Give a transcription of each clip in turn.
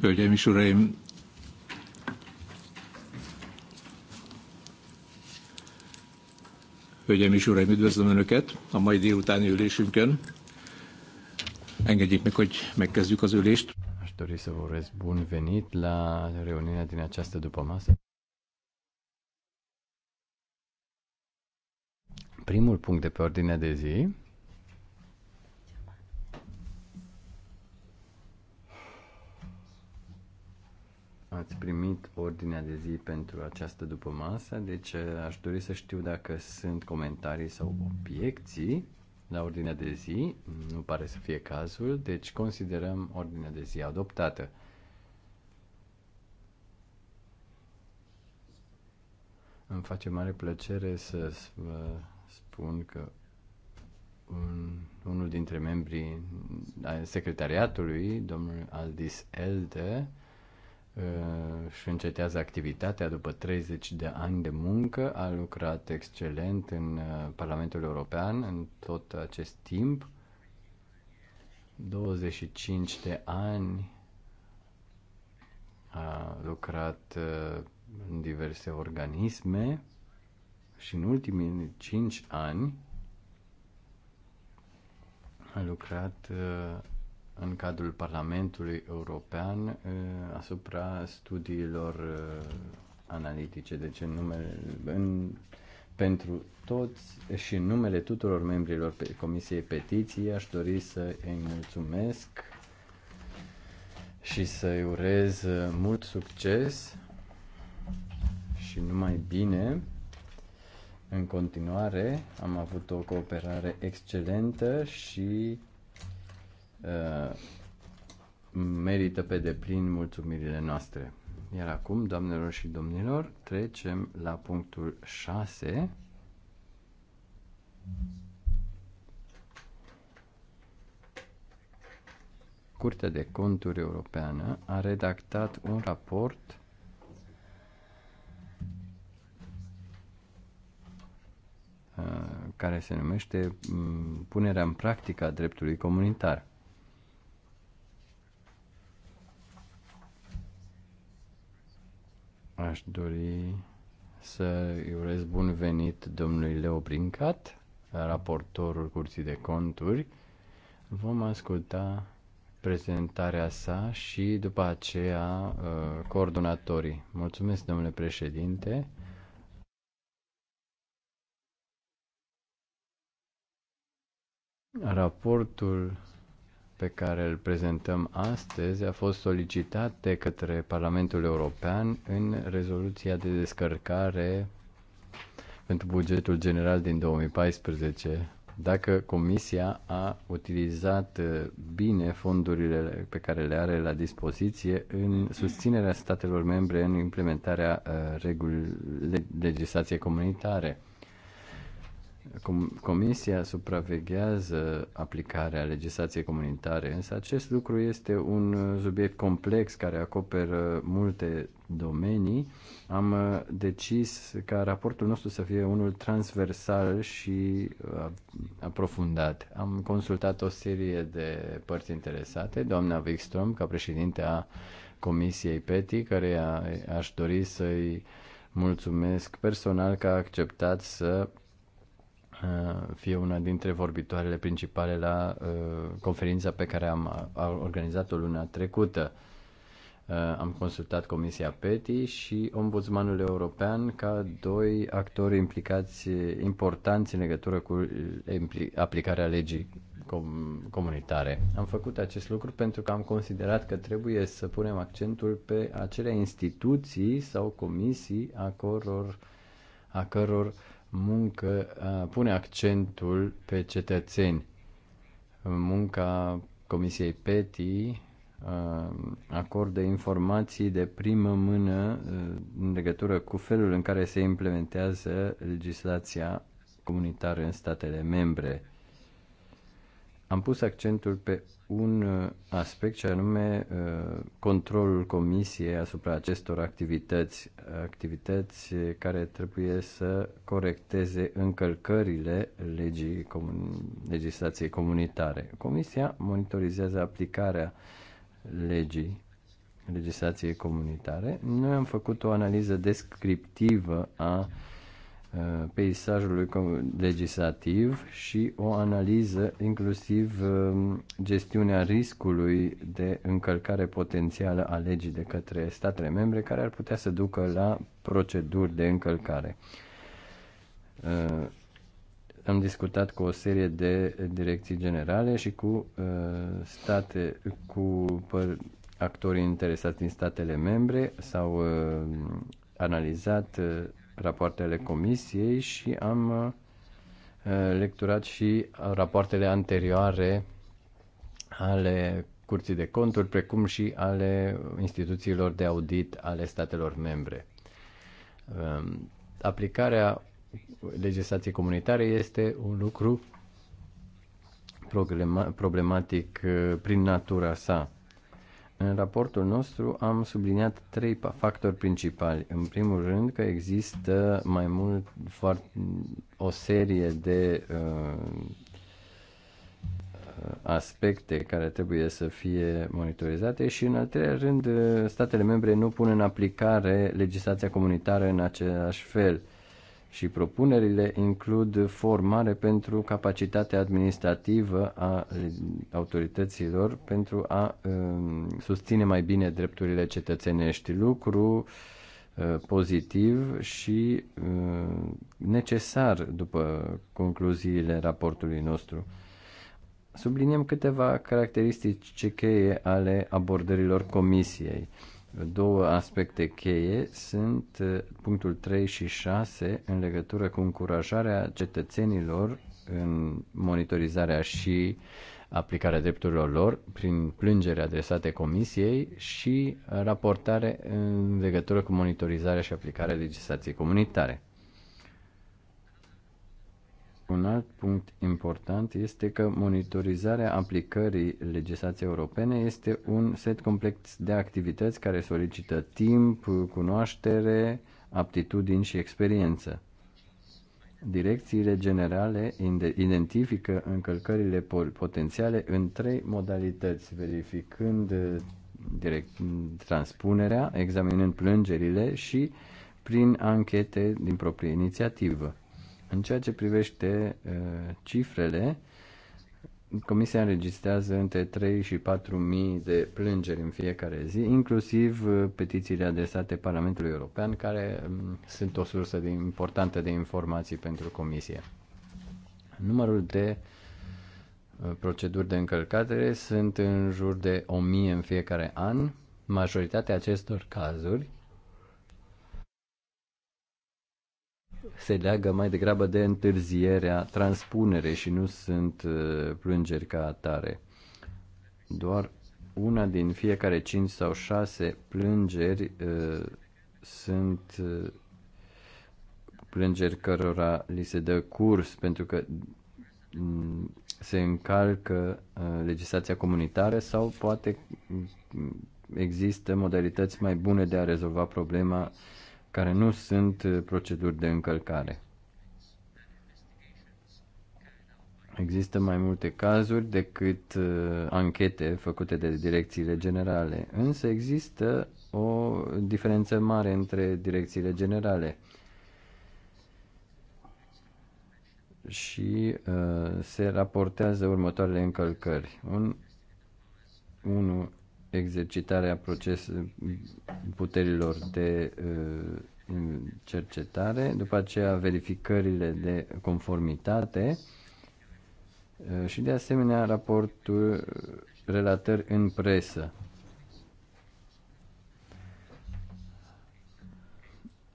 Hölgyeim és Uraim! Hölgyeim és Uraim, üdvözlöm Önöket a mai délutáni ülésünkön. Engedjék meg, hogy megkezdjük az ülést. Aș dori să vă urez bun venit la reuniunea din această dupămasă. Primul punct de pe ordinea de zi ați primit ordinea de zi pentru această după masă, deci eh, aș dori să știu dacă sunt comentarii sau obiecții la ordinea de zi. Nu pare să fie cazul, deci considerăm ordinea de zi adoptată. Îmi face mare plăcere să vă spun că un, unul dintre membrii secretariatului, domnul Aldis Elde, își uh, încetează activitatea după 30 de ani de muncă, a lucrat excelent în uh, Parlamentul European în tot acest timp, 25 de ani a lucrat uh, în diverse organisme și în ultimii 5 ani a lucrat în cadrul Parlamentului European eh, asupra studiilor eh, analitice, deci în numele, în, pentru toți și în numele tuturor membrilor pe Comisiei Petiții aș dori să îi mulțumesc și să-i urez eh, mult succes și numai bine. În continuare am avut o cooperare excelentă și Uh, merită pe deplin mulțumirile noastre. Iar acum, doamnelor și domnilor, trecem la punctul 6. Curtea de Conturi Europeană a redactat un raport uh, care se numește mm, Punerea în practică a dreptului comunitar. Aș dori să îi urez bun venit domnului Leo Brincat, raportorul Curții de Conturi. Vom asculta prezentarea sa și după aceea uh, coordonatorii. Mulțumesc, domnule președinte. Raportul pe care îl prezentăm astăzi a fost solicitat de către Parlamentul European în rezoluția de descărcare pentru bugetul general din 2014. Dacă Comisia a utilizat uh, bine fondurile pe care le are la dispoziție în susținerea statelor membre în implementarea uh, legislației comunitare Comisia supraveghează aplicarea legislației comunitare, însă acest lucru este un uh, subiect complex care acoperă multe domenii. Am uh, decis ca raportul nostru să fie unul transversal și uh, aprofundat. Am consultat o serie de părți interesate, doamna Wikström, ca președinte a Comisiei PETI, care aș dori să-i mulțumesc personal că a acceptat să Eh, fie una dintre vorbitoarele principale la eh, conferința pe care am organizat-o luna trecută. Eh, am consultat Comisia PETI și Ombudsmanul European ca doi actori implicați importanți în legătură cu aplicarea legii comunitare. Am făcut acest lucru pentru că am considerat că trebuie să punem accentul pe acele instituții sau comisii a căror, a căror uh, muncă pune accentul pe cetățeni. Munca Comisiei PETI acordă informații de primă mână în legătură cu felul în care se implementează legislația comunitară în statele membre am pus accentul pe un uh, aspect, ce anume uh, controlul comisiei asupra acestor activități, activități uh, care trebuie să corecteze încălcările legii, comun, legislației comunitare. Comisia monitorizează aplicarea legii legislației comunitare. Noi am făcut o analiză descriptivă a Uh, peisajului legislativ și o analiză inclusiv um, gestiunea riscului de încălcare potențială a legii de către statele membre care ar putea să ducă la proceduri de încălcare. Uh, am discutat cu o serie de direcții generale și cu uh, state, cu actorii interesați din statele membre, sau analizat rapoartele comisiei și am uh, lecturat și rapoartele anterioare ale Curții de Conturi, precum și ale instituțiilor de audit ale statelor membre. Um, aplicarea legislației comunitare este un lucru problematic uh, prin natura sa. În raportul nostru am subliniat trei factori principali. În primul rând că există mai mult o serie de uh, aspecte care trebuie să fie monitorizate și în al treilea rând statele membre nu pun în aplicare legislația comunitară în același fel. Uh, și propunerile includ formare pentru capacitatea administrativă a autorităților pentru a um, susține mai bine drepturile cetățenești. Lucru uh, pozitiv și uh, necesar după concluziile raportului nostru. Subliniem câteva caracteristici cheie ale abordărilor comisiei două aspecte cheie sunt uh, punctul 3 și 6 în legătură cu încurajarea cetățenilor în monitorizarea și aplicarea drepturilor lor prin plângere adresate comisiei și raportare în legătură cu monitorizarea și aplicarea legislației comunitare. Un alt punct important este că monitorizarea aplicării legislației europene este un set complex de activități care solicită timp, cunoaștere, aptitudini și experiență. Direcțiile generale identifică încălcările potențiale în trei modalități, verificând uh, direct transpunerea, examinând plângerile și prin anchete din proprie inițiativă. În ceea ce privește uh, cifrele, Comisia înregistrează între 3 și 4 mii de plângeri în fiecare zi, inclusiv uh, petițiile adresate Parlamentului European, care um, sunt o sursă de, importantă de informații pentru Comisie. Numărul de uh, proceduri de încălcare sunt în jur de 1000 în fiecare an. Majoritatea acestor cazuri se leagă mai degrabă de întârzierea transpunere și nu sunt uh, plângeri ca atare. Doar una din fiecare 5 sau 6 plângeri uh, sunt uh, plângeri cărora li se dă curs pentru că mm, se încalcă uh, legislația comunitară sau poate mm, există modalități mai bune de a rezolva problema care nu sunt uh, proceduri de încălcare. Există mai multe cazuri decât uh, anchete făcute de direcțiile generale, însă există o diferență mare între direcțiile generale. Și uh, se raportează următoarele încălcări. Un, unu exercitarea proces, puterilor de uh, cercetare, după aceea verificările de conformitate uh, și de asemenea raportul uh, relatări în presă.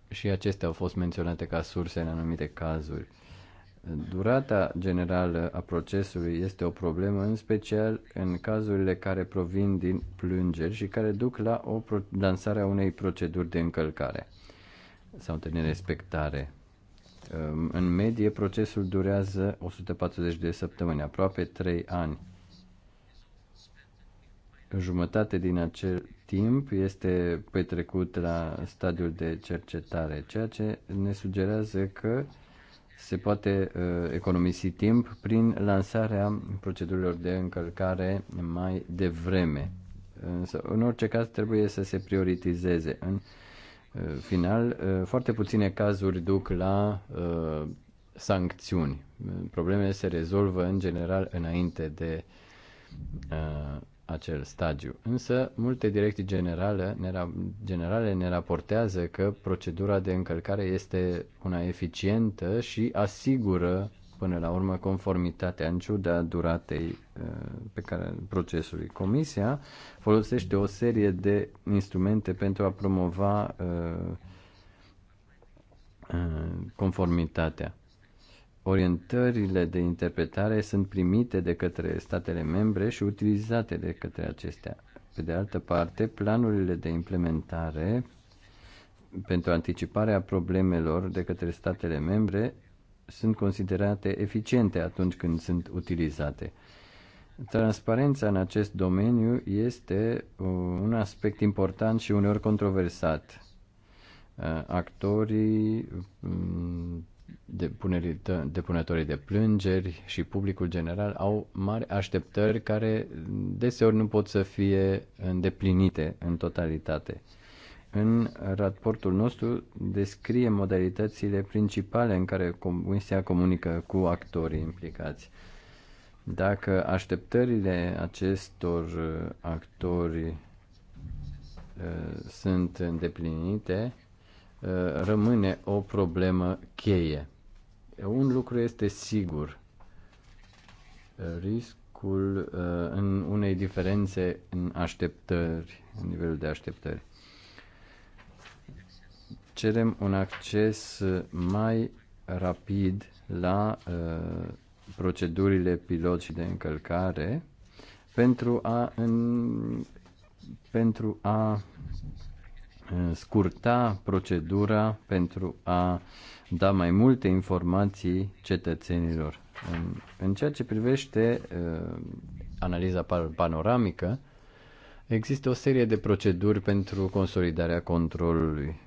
Și acestea au fost menționate ca surse în anumite cazuri. Durata generală a procesului este o problemă, în special în cazurile care provin din plângeri și care duc la o lansare a unei proceduri de încălcare sau de nerespectare. Um, în medie, procesul durează 140 de săptămâni, aproape 3 ani. Jumătate din acel timp este petrecut la stadiul de cercetare, ceea ce ne sugerează că se poate uh, economisi timp prin lansarea procedurilor de încălcare mai devreme. Însă, în orice caz, trebuie să se prioritizeze. În uh, final, uh, foarte puține cazuri duc la uh, sancțiuni. Problemele se rezolvă, în general, înainte de uh, acel stadiu. Însă, multe direcții generale ne, ra- generale ne raportează că procedura de încălcare este una eficientă și asigură până la urmă conformitatea în ciuda duratei uh, pe care procesului. Comisia folosește o serie de instrumente pentru a promova uh, uh, conformitatea orientările de interpretare sunt primite de către statele membre și utilizate de către acestea. Pe de altă parte, planurile de implementare pentru anticiparea problemelor de către statele membre sunt considerate eficiente atunci când sunt utilizate. Transparența în acest domeniu este uh, un aspect important și uneori controversat. Uh, actorii mm, depunătorii de plângeri și publicul general au mari așteptări care deseori nu pot să fie îndeplinite în totalitate. În raportul nostru descrie modalitățile principale în care Comisia comunică cu actorii implicați. Dacă așteptările acestor actori uh, sunt îndeplinite, Uh, rămâne o problemă cheie. Un lucru este sigur. Uh, riscul uh, în unei diferențe în așteptări, în nivelul de așteptări. Cerem un acces mai rapid la procedurile pilot și de încălcare pentru a, în, pentru a scurta procedura pentru a da mai multe informații cetățenilor. În, în ceea ce privește uh, analiza panoramică, există o serie de proceduri pentru consolidarea controlului,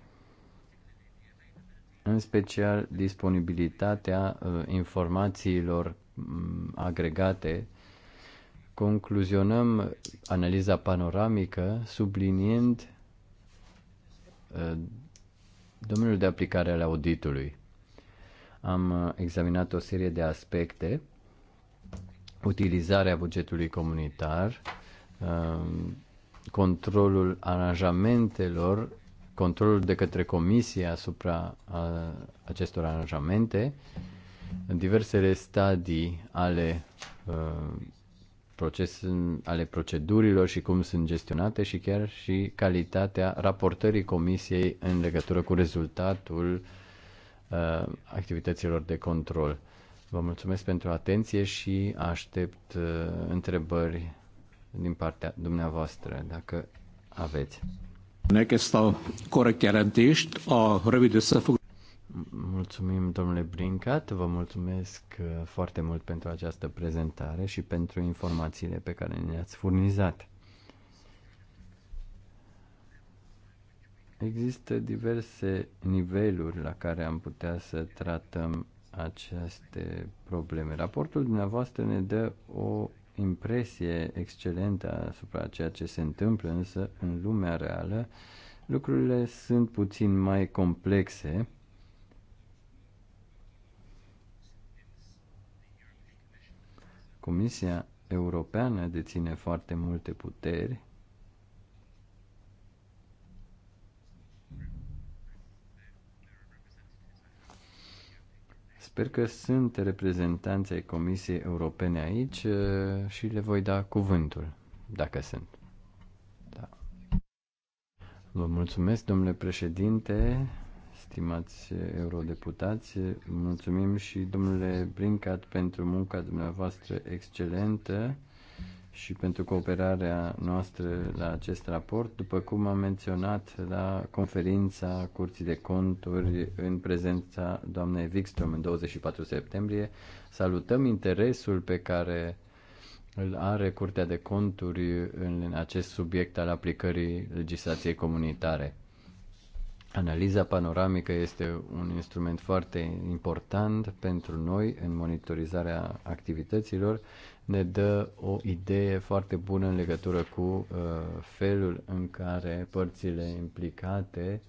în special disponibilitatea uh, informațiilor um, agregate. Concluzionăm analiza panoramică subliniind Uh, domeniul de aplicare al auditului. Am uh, examinat o serie de aspecte, utilizarea bugetului comunitar, um, controlul aranjamentelor, controlul de către comisie asupra acestor aranjamente, diversele stadii ale uh, proces ale procedurilor și cum sunt gestionate și chiar și calitatea raportării comisiei în legătură cu rezultatul uh, activităților de control. Vă mulțumesc pentru atenție și aștept uh, întrebări din partea dumneavoastră, dacă aveți. Megkezdte a corect jelentést, a să összefoglalót. Mulțumim, domnule Brincat, vă mulțumesc uh, foarte mult pentru această prezentare și pentru informațiile pe care le-ați furnizat. Există diverse niveluri la care am putea să tratăm aceste probleme. Raportul dumneavoastră ne dă o impresie excelentă asupra ceea ce se întâmplă, însă în lumea reală lucrurile sunt puțin mai complexe Comisia Europeană deține foarte multe puteri Sper că sunt reprezentanți ai Comisiei Europene aici uh, și le voi da cuvântul, dacă sunt. Da. Vă mulțumesc, domnule președinte stimați eurodeputați. Mulțumim și domnule Brincat pentru munca dumneavoastră excelentă și pentru cooperarea noastră la acest raport. După cum am menționat la conferința Curții de Conturi în prezența doamnei Wikström în 24 septembrie, salutăm interesul pe care îl are Curtea de Conturi în acest subiect al aplicării legislației comunitare. Analiza panoramică este un instrument foarte important pentru noi în monitorizarea activităților. Ne dă o idee foarte bună în legătură cu uh, felul în care părțile implicate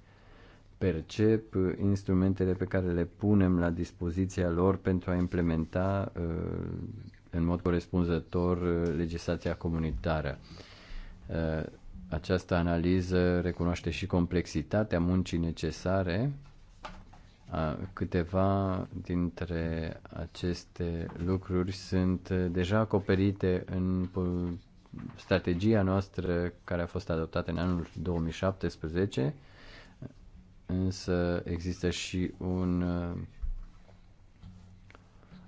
percep instrumentele pe care le punem la dispoziția lor pentru a implementa uh, în mod corespunzător uh, legislația comunitară. Uh, această analiză recunoaște și complexitatea muncii necesare. Câteva dintre aceste lucruri sunt uh, deja acoperite în strategia noastră care a fost adoptată în anul 2017, însă există și un uh,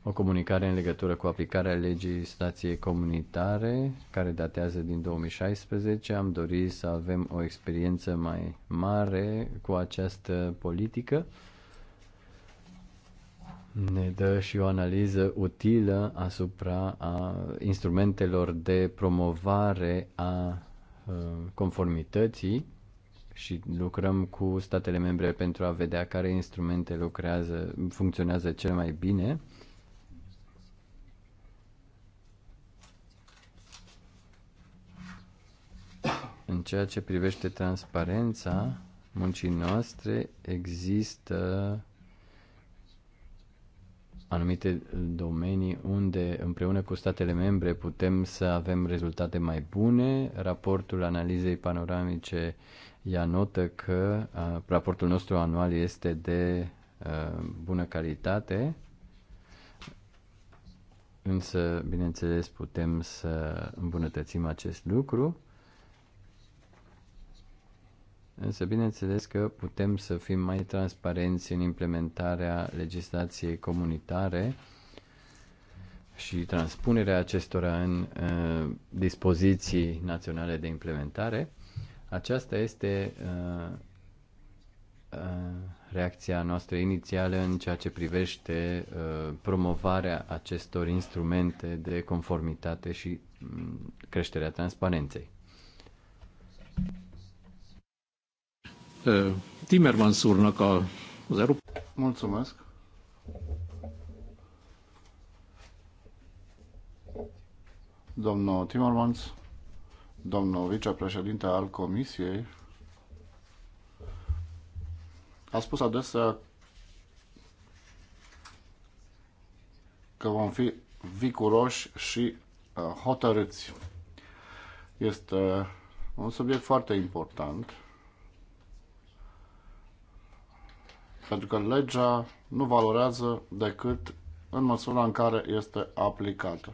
o comunicare în legătură cu aplicarea legislației comunitare, care datează din 2016. Am dorit să avem o experiență mai mare cu această politică. Ne dă și o analiză utilă asupra a instrumentelor de promovare a conformității și lucrăm cu statele membre pentru a vedea care instrumente lucrează, funcționează cel mai bine În ceea ce privește transparența muncii noastre, există anumite domenii unde împreună cu statele membre putem să avem rezultate mai bune. Raportul analizei panoramice ia notă că a, raportul nostru anual este de a, bună calitate, însă, bineînțeles, putem să îmbunătățim acest lucru. Însă, bineînțeles că putem să fim mai transparenți în implementarea legislației comunitare și transpunerea acestora în uh, dispoziții naționale de implementare. Aceasta este uh, uh, reacția noastră inițială în ceea ce privește uh, promovarea acestor instrumente de conformitate și um, creșterea transparenței. Timmermans úrnak a, az Mulțumesc! Domnul Timmermans, domnul vicepreședinte al Comisiei, a spus adesea că vom fi vicuroși și uh, hotărâți. Este un subiect foarte important. pentru că legea nu valorează decât în măsura în care este aplicată.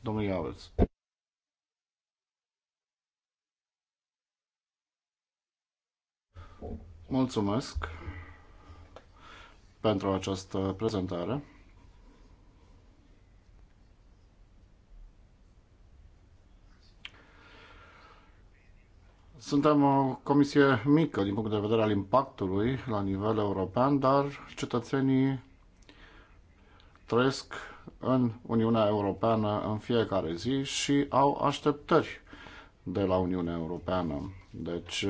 Domnul Iaveț. Mulțumesc pentru această prezentare. Suntem o comisie mică din punct de vedere al impactului la nivel european, dar cetățenii trăiesc în Uniunea Europeană în fiecare zi și au așteptări de la Uniunea Europeană. Deci,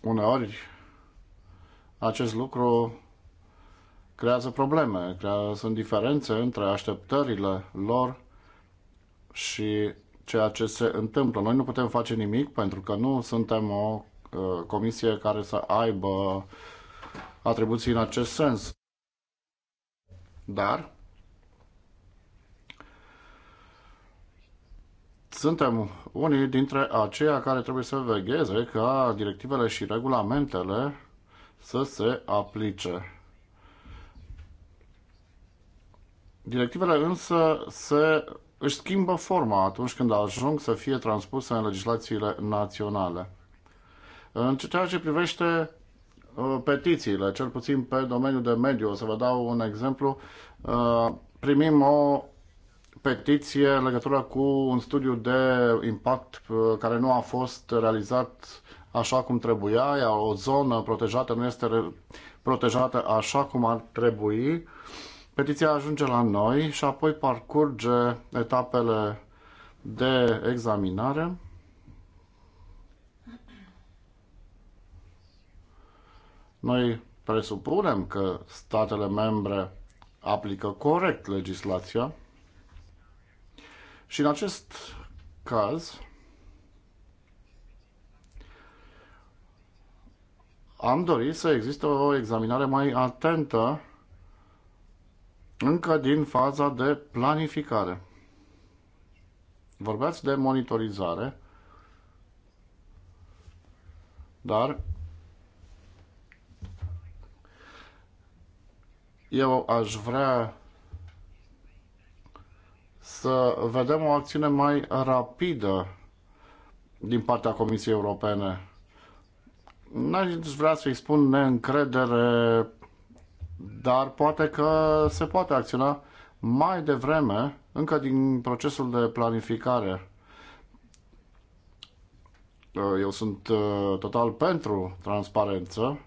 uneori, acest lucru creează probleme, creează, sunt diferențe între așteptările lor și ceea ce se întâmplă. Noi nu putem face nimic pentru că nu suntem o uh, comisie care să aibă atribuții în acest sens. Dar suntem unii dintre aceia care trebuie să vegheze ca directivele și regulamentele să se aplice. Directivele însă se își schimbă forma atunci când ajung să fie transpuse în legislațiile naționale. În ceea ce privește uh, petițiile, cel puțin pe domeniul de mediu, o să vă dau un exemplu, uh, primim o petiție în legătură cu un studiu de impact uh, care nu a fost realizat așa cum trebuia, iar o zonă protejată nu este protejată așa cum ar trebui. Uh, Petiția ajunge la noi și apoi parcurge etapele de examinare. Noi presupunem că statele membre aplică corect legislația și în acest caz am dorit să existe o examinare mai atentă încă din faza de planificare. Vorbeați de monitorizare, dar eu aș vrea să vedem o acțiune mai rapidă din partea Comisiei Europene. N-aș vrea să-i spun neîncredere dar poate că se poate acționa mai devreme, încă din procesul de planificare. Uh, eu sunt uh, total pentru transparență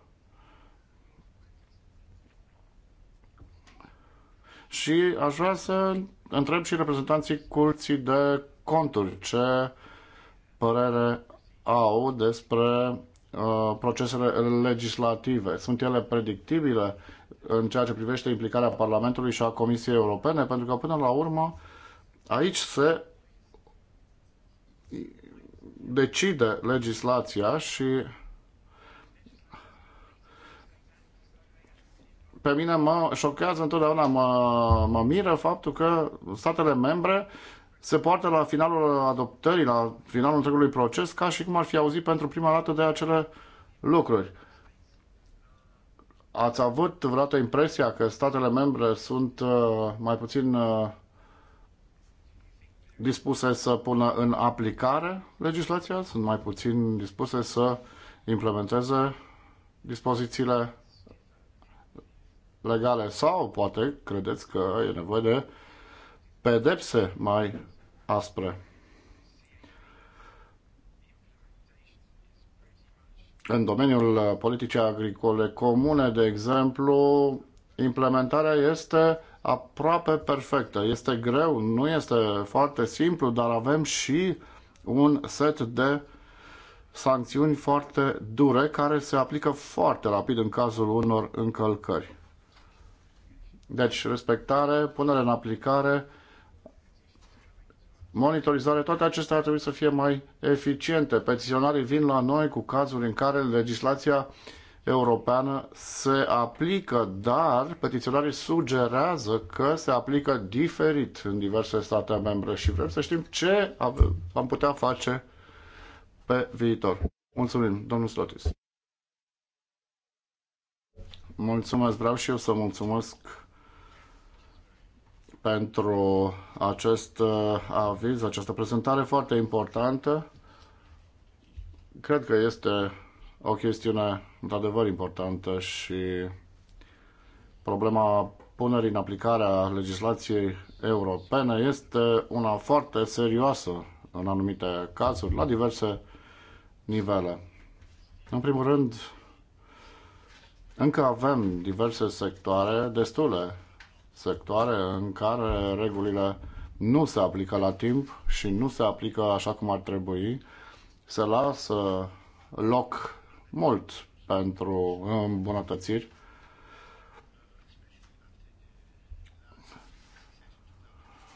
și aș vrea să întreb și reprezentanții curții de conturi ce părere au despre uh, procesele legislative. Sunt ele predictibile? în ceea ce privește implicarea Parlamentului și a Comisiei Europene, pentru că până la urmă aici se decide legislația și pe mine mă șochează întotdeauna, mă, mă miră faptul că statele membre se poartă la finalul adoptării, la finalul întregului proces, ca și cum ar fi auzit pentru prima dată de acele lucruri. Ați avut vreodată impresia că statele membre sunt uh, mai puțin uh, dispuse să pună în aplicare legislația? Sunt mai puțin dispuse să implementeze dispozițiile legale? Sau poate credeți că e nevoie de pedepse mai aspre? În domeniul uh, politicii agricole comune, de exemplu, implementarea este aproape perfectă. Este greu, nu este foarte simplu, dar avem și un set de sancțiuni foarte dure care se aplică foarte rapid în cazul unor încălcări. Deci, respectare, punere în aplicare, monitorizare, toate acestea ar trebui să fie mai eficiente. Petiționarii vin la noi cu cazuri în care legislația europeană se aplică, dar petiționarii sugerează că se aplică diferit în diverse state membre și vrem să știm ce am putea face pe viitor. Mulțumim, domnul Slotis. Mulțumesc, vreau și eu să mulțumesc pentru acest uh, aviz, această prezentare foarte importantă. Cred că este o chestiune într-adevăr importantă și problema punerii în aplicare a legislației europene este una foarte serioasă în anumite cazuri, la diverse nivele. În primul rând, încă avem diverse sectoare destule sectoare în care regulile nu se aplică la timp și nu se aplică așa cum ar trebui, se lasă loc mult pentru îmbunătățiri.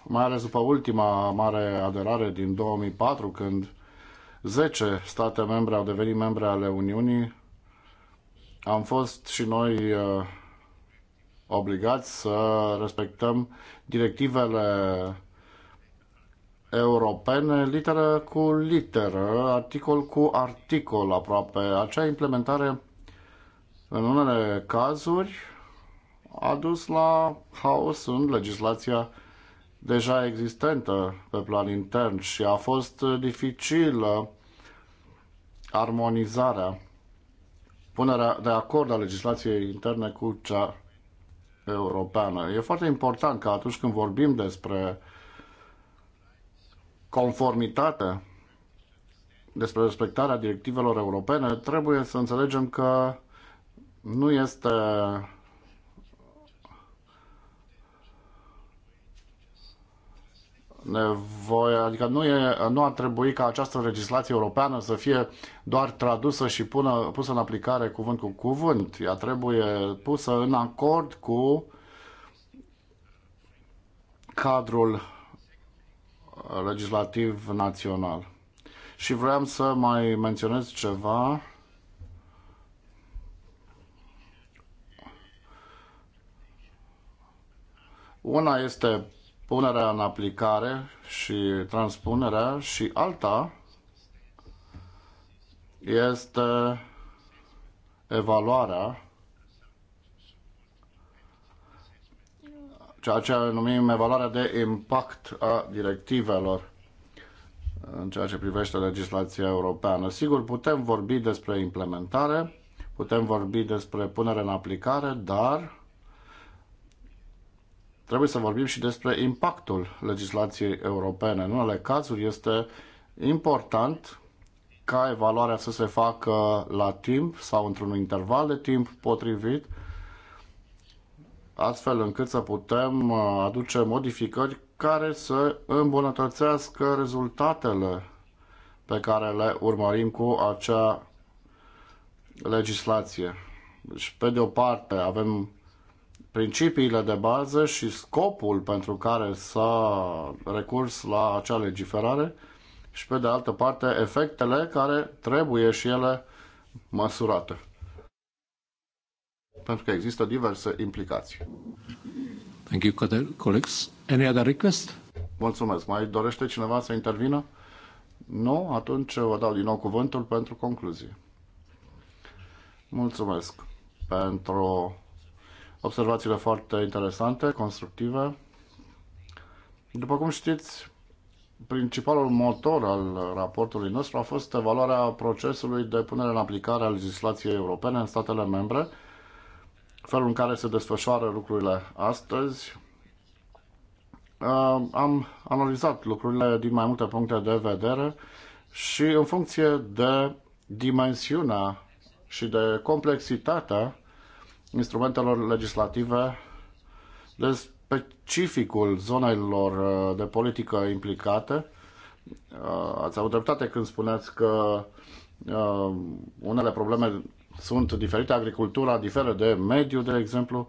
Mai ales după ultima mare aderare din 2004, când 10 state membre au devenit membre ale Uniunii, am fost și noi uh, obligați să respectăm directivele europene, literă cu literă, articol cu articol aproape. Acea implementare, în unele cazuri, a dus la haos în legislația deja existentă pe plan intern și a fost dificilă armonizarea, punerea de acord a legislației interne cu cea europeană. E foarte important că atunci când vorbim despre conformitate, despre respectarea directivelor europene, trebuie să înțelegem că nu este voi adică nu, e, nu ar trebui ca această legislație europeană să fie doar tradusă și pună, pusă în aplicare cuvânt cu cuvânt. Ea trebuie pusă în acord cu cadrul legislativ național. Și vreau să mai menționez ceva. Una este punerea în aplicare și transpunerea și alta este evaluarea ceea ce numim evaluarea de impact a directivelor în ceea ce privește legislația europeană. Sigur, putem vorbi despre implementare, putem vorbi despre punere în aplicare, dar Trebuie să vorbim și despre impactul legislației europene. În unele cazuri este important ca evaluarea să se facă la timp sau într-un interval de timp potrivit, astfel încât să putem uh, aduce modificări care să îmbunătățească rezultatele pe care le urmărim cu acea legislație. Deci, pe de o parte, avem principiile de bază și scopul pentru care s-a recurs la acea legiferare și, pe de altă parte, efectele care trebuie și ele măsurate. Pentru că există diverse implicații. Thank you, colleagues. Any other request? Mulțumesc. Mai dorește cineva să intervină? Nu? Atunci vă dau din nou cuvântul pentru concluzie. Mulțumesc pentru observațiile foarte interesante, constructive. După cum știți, principalul motor al raportului nostru a fost evaluarea procesului de punere în aplicare a legislației europene în statele membre, felul în care se desfășoară lucrurile astăzi. Uh, am analizat lucrurile din mai multe puncte de vedere și în funcție de dimensiunea și de complexitatea instrumentelor legislative de specificul zonelor uh, de politică implicate. Uh, ați avut dreptate când spuneați că uh, unele probleme sunt diferite, agricultura diferă de mediu, de exemplu.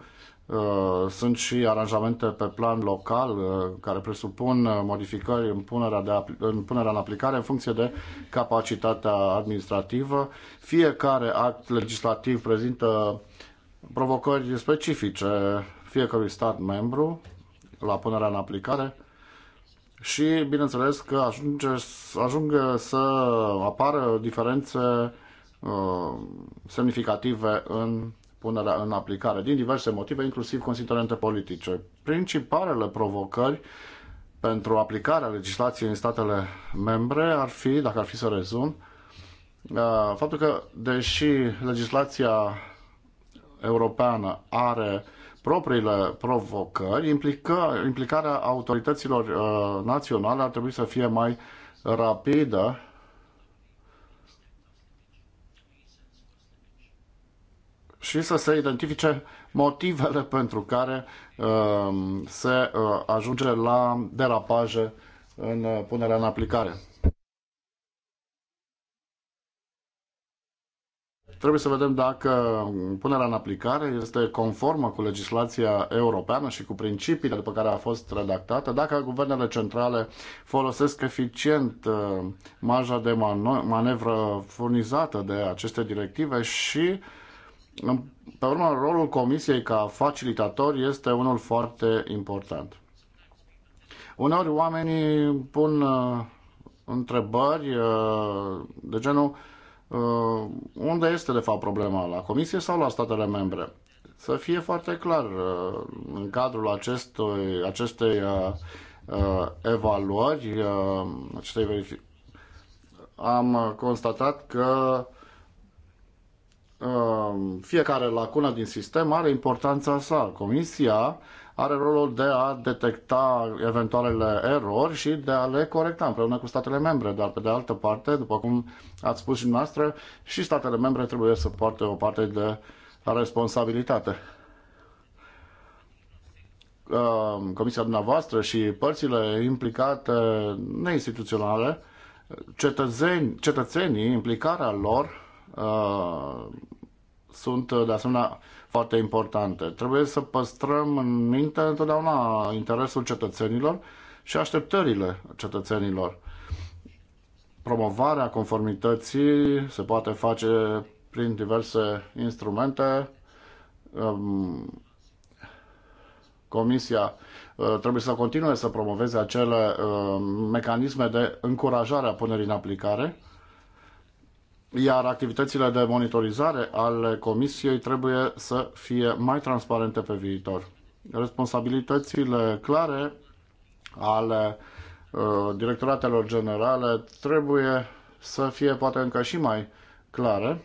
Sunt și aranjamente pe plan local care presupun modificări în punerea, de, în punerea în aplicare în funcție de capacitatea administrativă. Fiecare act legislativ prezintă provocări specifice fiecărui stat membru la punerea în aplicare și, bineînțeles, că ajunge, ajunge să apară diferențe uh, semnificative în punerea în aplicare, din diverse motive, inclusiv considerente politice. Principalele provocări pentru aplicarea legislației în statele membre ar fi, dacă ar fi să rezum, uh, faptul că, deși legislația Europeană are propriile provocări, implică, implicarea autorităților uh, naționale ar trebui să fie mai rapidă. și să se identifice motivele pentru care uh, se uh, ajunge la derapaje în uh, punerea în aplicare. Trebuie să vedem dacă punerea în aplicare este conformă cu legislația europeană și cu principiile după care a fost redactată, dacă guvernele centrale folosesc eficient uh, marja de manevră furnizată de aceste directive și pe urmă, rolul Comisiei ca facilitator este unul foarte important. Uneori oamenii pun uh, întrebări uh, de genul Uh, unde este de fapt problema, la Comisie sau la statele membre. Să fie foarte clar uh, în cadrul acestui, acestei uh, evaluări, acestei verificări, am constatat că fiecare lacună din sistem are importanța sa. Comisia are rolul de a detecta eventualele erori și de a le corecta împreună cu statele membre. Dar, pe de altă parte, după cum ați spus și noastră, și statele membre trebuie să poarte o parte de responsabilitate. Comisia dumneavoastră și părțile implicate neinstituționale, cetățeni, cetățenii, implicarea lor uh, sunt de asemenea foarte importante. Trebuie să păstrăm în minte întotdeauna interesul cetățenilor și așteptările cetățenilor. Promovarea conformității se poate face prin diverse instrumente. Comisia uh, trebuie să continue să promoveze acele uh, mecanisme de încurajare a punerii în aplicare iar activitățile de monitorizare ale Comisiei trebuie să fie mai transparente pe viitor. Responsabilitățile clare ale uh, directoratelor generale trebuie să fie poate încă și mai clare.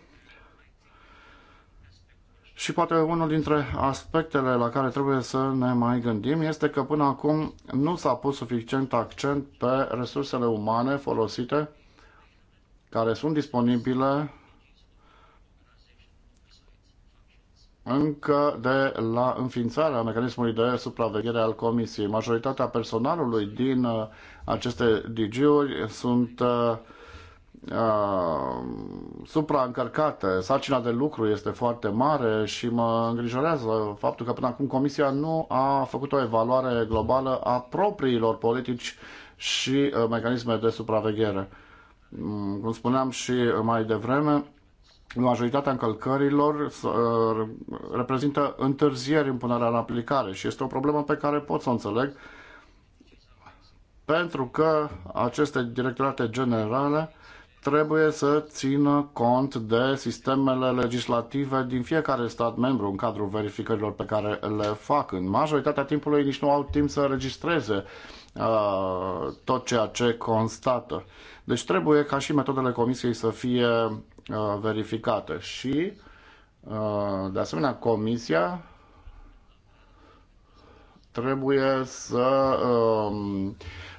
Și poate unul dintre aspectele la care trebuie să ne mai gândim este că până acum nu s-a pus suficient accent pe resursele umane folosite care sunt disponibile încă de la înființarea mecanismului de supraveghere al Comisiei. Majoritatea personalului din uh, aceste DG-uri sunt uh, uh, supraîncărcate, sarcina de lucru este foarte mare și mă îngrijorează faptul că până acum Comisia nu a făcut o evaluare globală a propriilor politici și uh, mecanisme de supraveghere. Mm, cum spuneam și mai devreme, majoritatea încălcărilor uh, reprezintă întârzieri în punerea în aplicare și este o problemă pe care pot să o înțeleg pentru că aceste directorate generale trebuie să țină cont de sistemele legislative din fiecare stat membru în cadrul verificărilor pe care le fac. În majoritatea timpului nici nu au timp să registreze uh, tot ceea ce constată. Deci trebuie ca și metodele comisiei să fie uh, verificate și uh, de asemenea comisia trebuie să uh,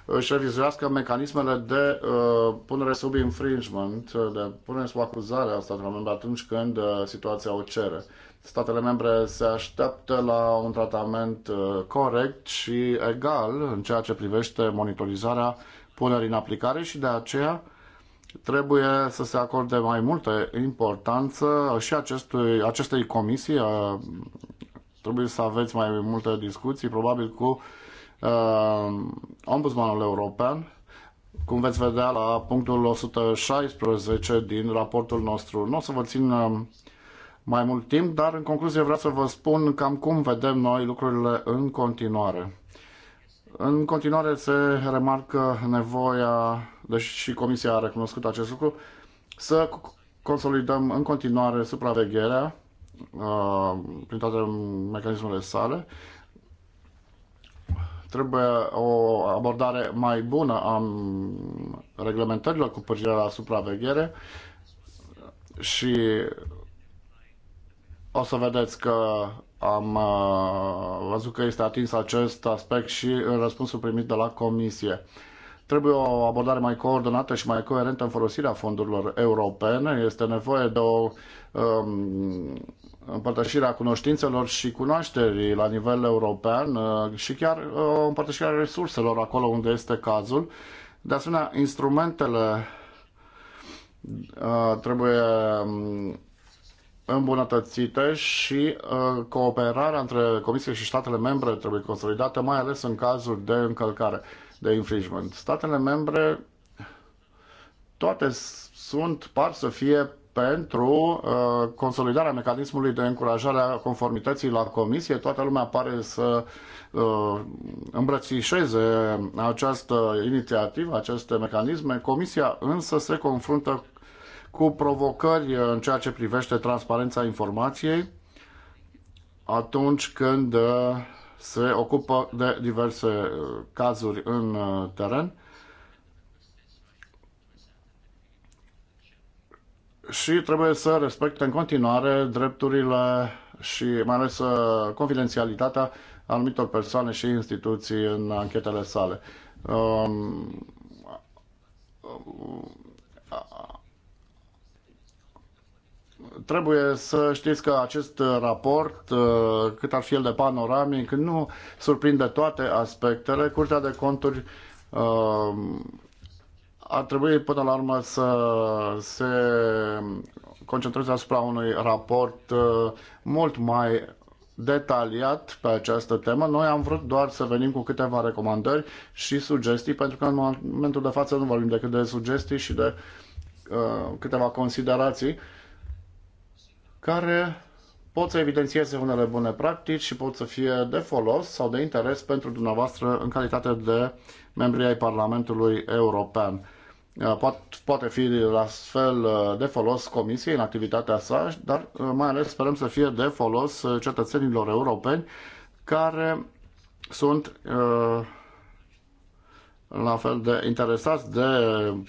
își revizuiască mecanismele de uh, punere sub infringement, uh, de punere sub acuzare a statelor membre atunci când uh, situația o cere. Statele membre se așteaptă la un tratament uh, corect și egal în ceea ce privește monitorizarea uh, punerii în aplicare și de aceea trebuie să se acorde mai multă importanță și acestui, acestei comisii. Trebuie să aveți mai multe discuții, probabil cu uh, Ombudsmanul European, cum veți vedea la punctul 116 din raportul nostru. Nu o să vă țin mai mult timp, dar în concluzie vreau să vă spun cam cum vedem noi lucrurile în continuare. În continuare se remarcă nevoia, deși Comisia a recunoscut acest lucru, să consolidăm în continuare supravegherea uh, prin toate mecanismele sale. Trebuie o abordare mai bună a reglementărilor cu privire la supraveghere și o să vedeți că am uh, văzut că este atins acest aspect și în răspunsul primit de la Comisie. Trebuie o abordare mai coordonată și mai coerentă în folosirea fondurilor europene. Este nevoie de o um, împărtășire a cunoștințelor și cunoașterii la nivel european uh, și chiar uh, o împărtășire a resurselor acolo unde este cazul. De asemenea, instrumentele trebuie um, îmbunătățite și uh, cooperarea între Comisie și statele membre trebuie consolidată, mai ales în cazuri de încălcare, de infringement. Statele membre toate sunt, par să fie pentru uh, consolidarea mecanismului de încurajare a conformității la comisie. Toată lumea pare să uh, îmbrățișeze această inițiativă, aceste mecanisme. Comisia însă se confruntă cu provocări în ceea ce privește transparența informației atunci când uh, se ocupă de diverse uh, cazuri în uh, teren. Și trebuie să respecte în continuare drepturile și mai ales confidențialitatea anumitor persoane și instituții în anchetele sale. Um, trebuie să știți că acest uh, raport, uh, cât ar fi el de panoramic, nu surprinde toate aspectele. Curtea de conturi uh, ar trebui până la urmă să se concentreze asupra unui raport mult mai detaliat pe această temă. Noi am vrut doar să venim cu câteva recomandări și sugestii, pentru că în momentul de față nu vorbim decât de sugestii și de uh, câteva considerații. Uh, care pot să evidențieze unele bune practici și pot să fie de folos sau de interes pentru dumneavoastră în calitate de membri ai Parlamentului European. Uh, poate, poate fi la fel uh, de folos Comisiei în activitatea sa, dar uh, mai ales sperăm să fie de folos cetățenilor europeni care sunt uh, la fel de interesați de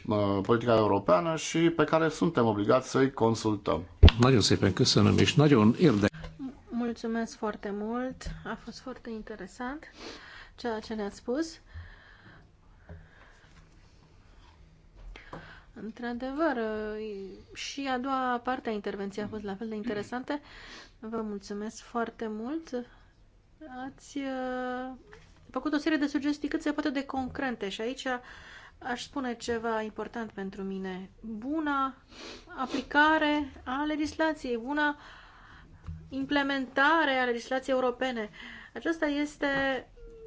uh, politica europeană și pe care suntem obligați să-i consultăm. Nagyon szépen köszönöm, és nagyon érdekes. Mulțumesc foarte mult, a fost foarte interesant ceea ce ne-ați spus. Într-adevăr, și a doua parte a intervenției a fost la fel de interesantă. Vă mulțumesc foarte mult. Ați uh, făcut o serie de sugestii cât se poate de concrete și aici aș spune ceva important pentru mine. Buna aplicare a legislației, buna implementare a legislației europene. Aceasta este,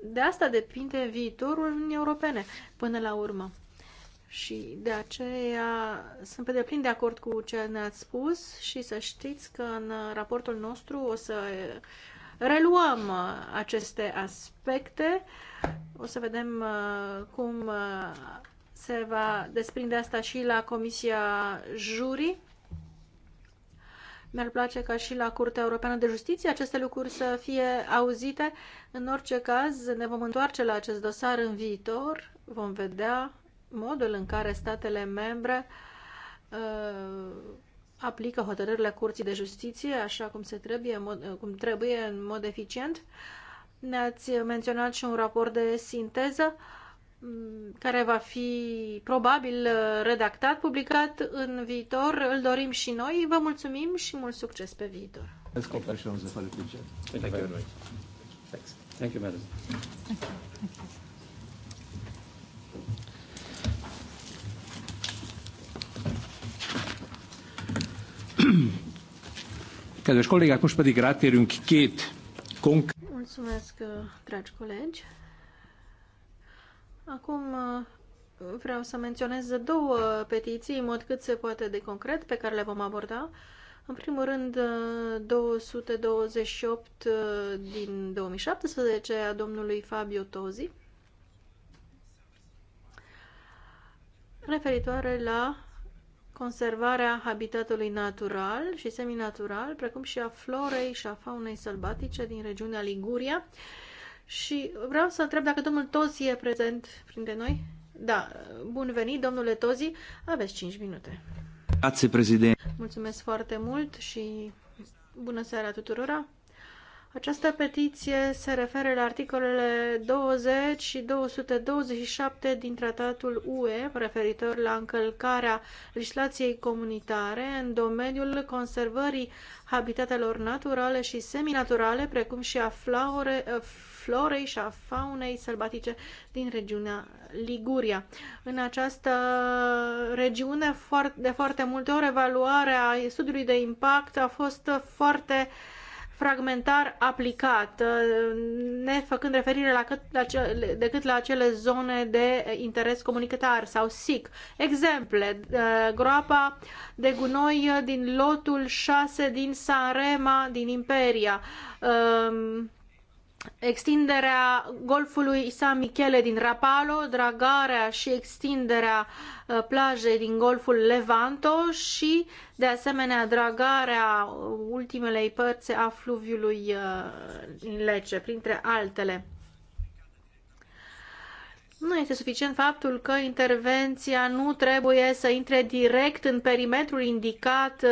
de asta depinde viitorul Uniunii Europene până la urmă. Și de aceea sunt pe deplin de acord cu ce ne-ați spus și să știți că în raportul nostru o să reluăm uh, aceste aspecte. O să vedem uh, cum uh, se va desprinde asta și la Comisia juri. Mi-ar place ca și la Curtea Europeană de Justiție aceste lucruri să fie auzite. În orice caz, ne vom întoarce la acest dosar în viitor. Vom vedea modul în care statele membre uh, aplică hotărârile Curții de Justiție așa cum, se trebuie, mod, cum trebuie, în mod eficient. Ne-ați menționat și un raport de sinteză care va fi probabil redactat, publicat în viitor. Îl dorim și noi. Vă mulțumim și mult succes pe viitor. Thank you very much. Thanks. Thank you, madam. Thank you. Kedves kollégák, most pedig rátérünk két konkrét... Mulțumesc, uh, dragi colegi. Acum uh, vreau să menționez două petiții, în mod cât se poate de concret, pe care le vom aborda. În primul rând, 228 uh, din 2017 a domnului Fabio Tozi, referitoare la conservarea habitatului natural și seminatural, precum și a florei și a faunei sălbatice din regiunea Liguria. Și vreau să întreb dacă domnul Tozi e prezent printre noi. Da, bun venit, domnule Tozi, aveți 5 minute. Grazie, președinte. Mulțumesc foarte mult și bună seara tuturora. Această petiție se referă la articolele 20 și 227 din Tratatul UE referitor la încălcarea legislației comunitare în domeniul conservării habitatelor naturale și seminaturale, precum și a flore, florei și a faunei sălbatice din regiunea Liguria. În această regiune, de foarte multe ori, evaluarea studiului de impact a fost foarte fragmentar aplicat, ă, ne făcând referire la cât, la ce, decât la acele zone de interes comunicatar sau SIC. Exemple, ă, groapa de gunoi ă, din lotul 6 din Sanrema, din Imperia, extinderea golfului San Michele din Rapalo, dragarea și extinderea uh, plajei din golful Levanto și, de asemenea, dragarea uh, ultimelei părți a fluviului uh, Lece, printre altele. Nu este suficient faptul că intervenția nu trebuie să intre direct în perimetrul indicat uh,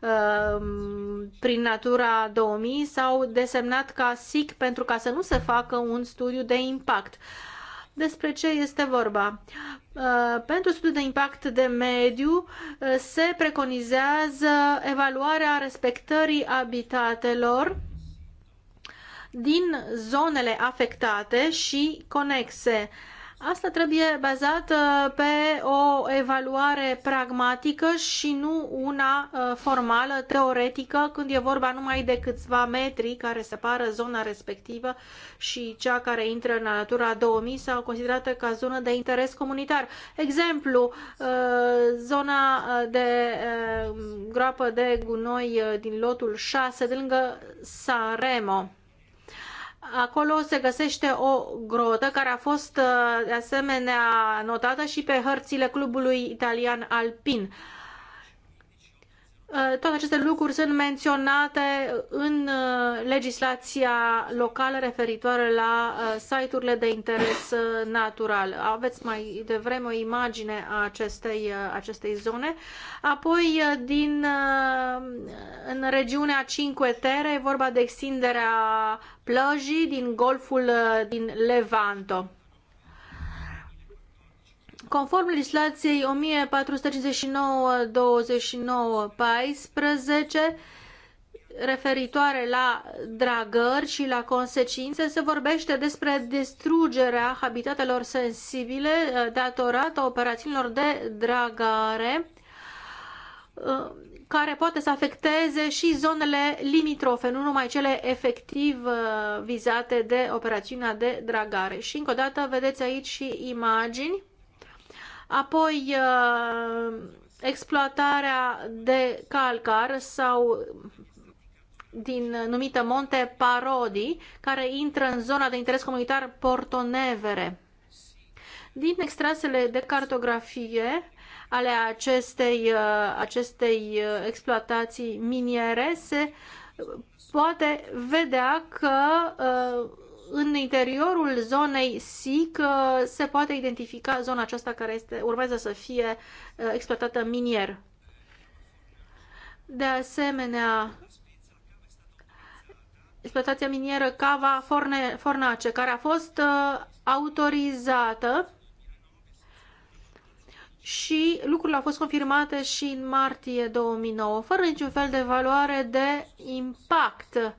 uh, prin Natura 2000 sau desemnat ca SIC pentru ca să nu se facă un studiu de impact. Despre ce este vorba? Uh, pentru studiul de impact de mediu se preconizează evaluarea respectării habitatelor din zonele afectate și conexe. Asta trebuie bazată pe o evaluare pragmatică și nu una uh, formală, teoretică, când e vorba numai de câțiva metri care separă zona respectivă și cea care intră în Natura 2000 sau considerată ca zonă de interes comunitar. Exemplu, uh, zona uh, de groapă de gunoi din lotul 6 de lângă Saremo acolo se găsește o grotă care a fost uh, de asemenea notată și pe hărțile clubului italian alpin. Uh, toate aceste lucruri sunt menționate în uh, legislația locală referitoare la uh, site-urile de interes natural. Aveți mai devreme o imagine a acestei, acestei zone. Apoi, din, în regiunea 5 Terre, e vorba de extinderea plăjii din golful din Levanto. Conform legislației 1459-29-14 referitoare la dragări și la consecințe, se vorbește despre distrugerea habitatelor sensibile eh, datorată operațiunilor de dragare eh, care poate să afecteze și zonele limitrofe, nu numai cele efectiv eh, vizate de operațiunea de dragare. Și încă o dată vedeți aici și imagini Apoi, uh, exploatarea de calcar sau din numită Monte Parodi, care intră în zona de interes comunitar Portonevere. Din extrasele de cartografie ale acestei, uh, acestei uh, exploatații miniere se poate vedea că uh, în interiorul zonei SIC uh, se poate identifica zona aceasta care este, urmează să fie uh, exploatată minier. De asemenea, exploatația minieră Cava Forne, Fornace, care a fost uh, autorizată și lucrurile au fost confirmate și în martie 2009, fără niciun fel de valoare de impact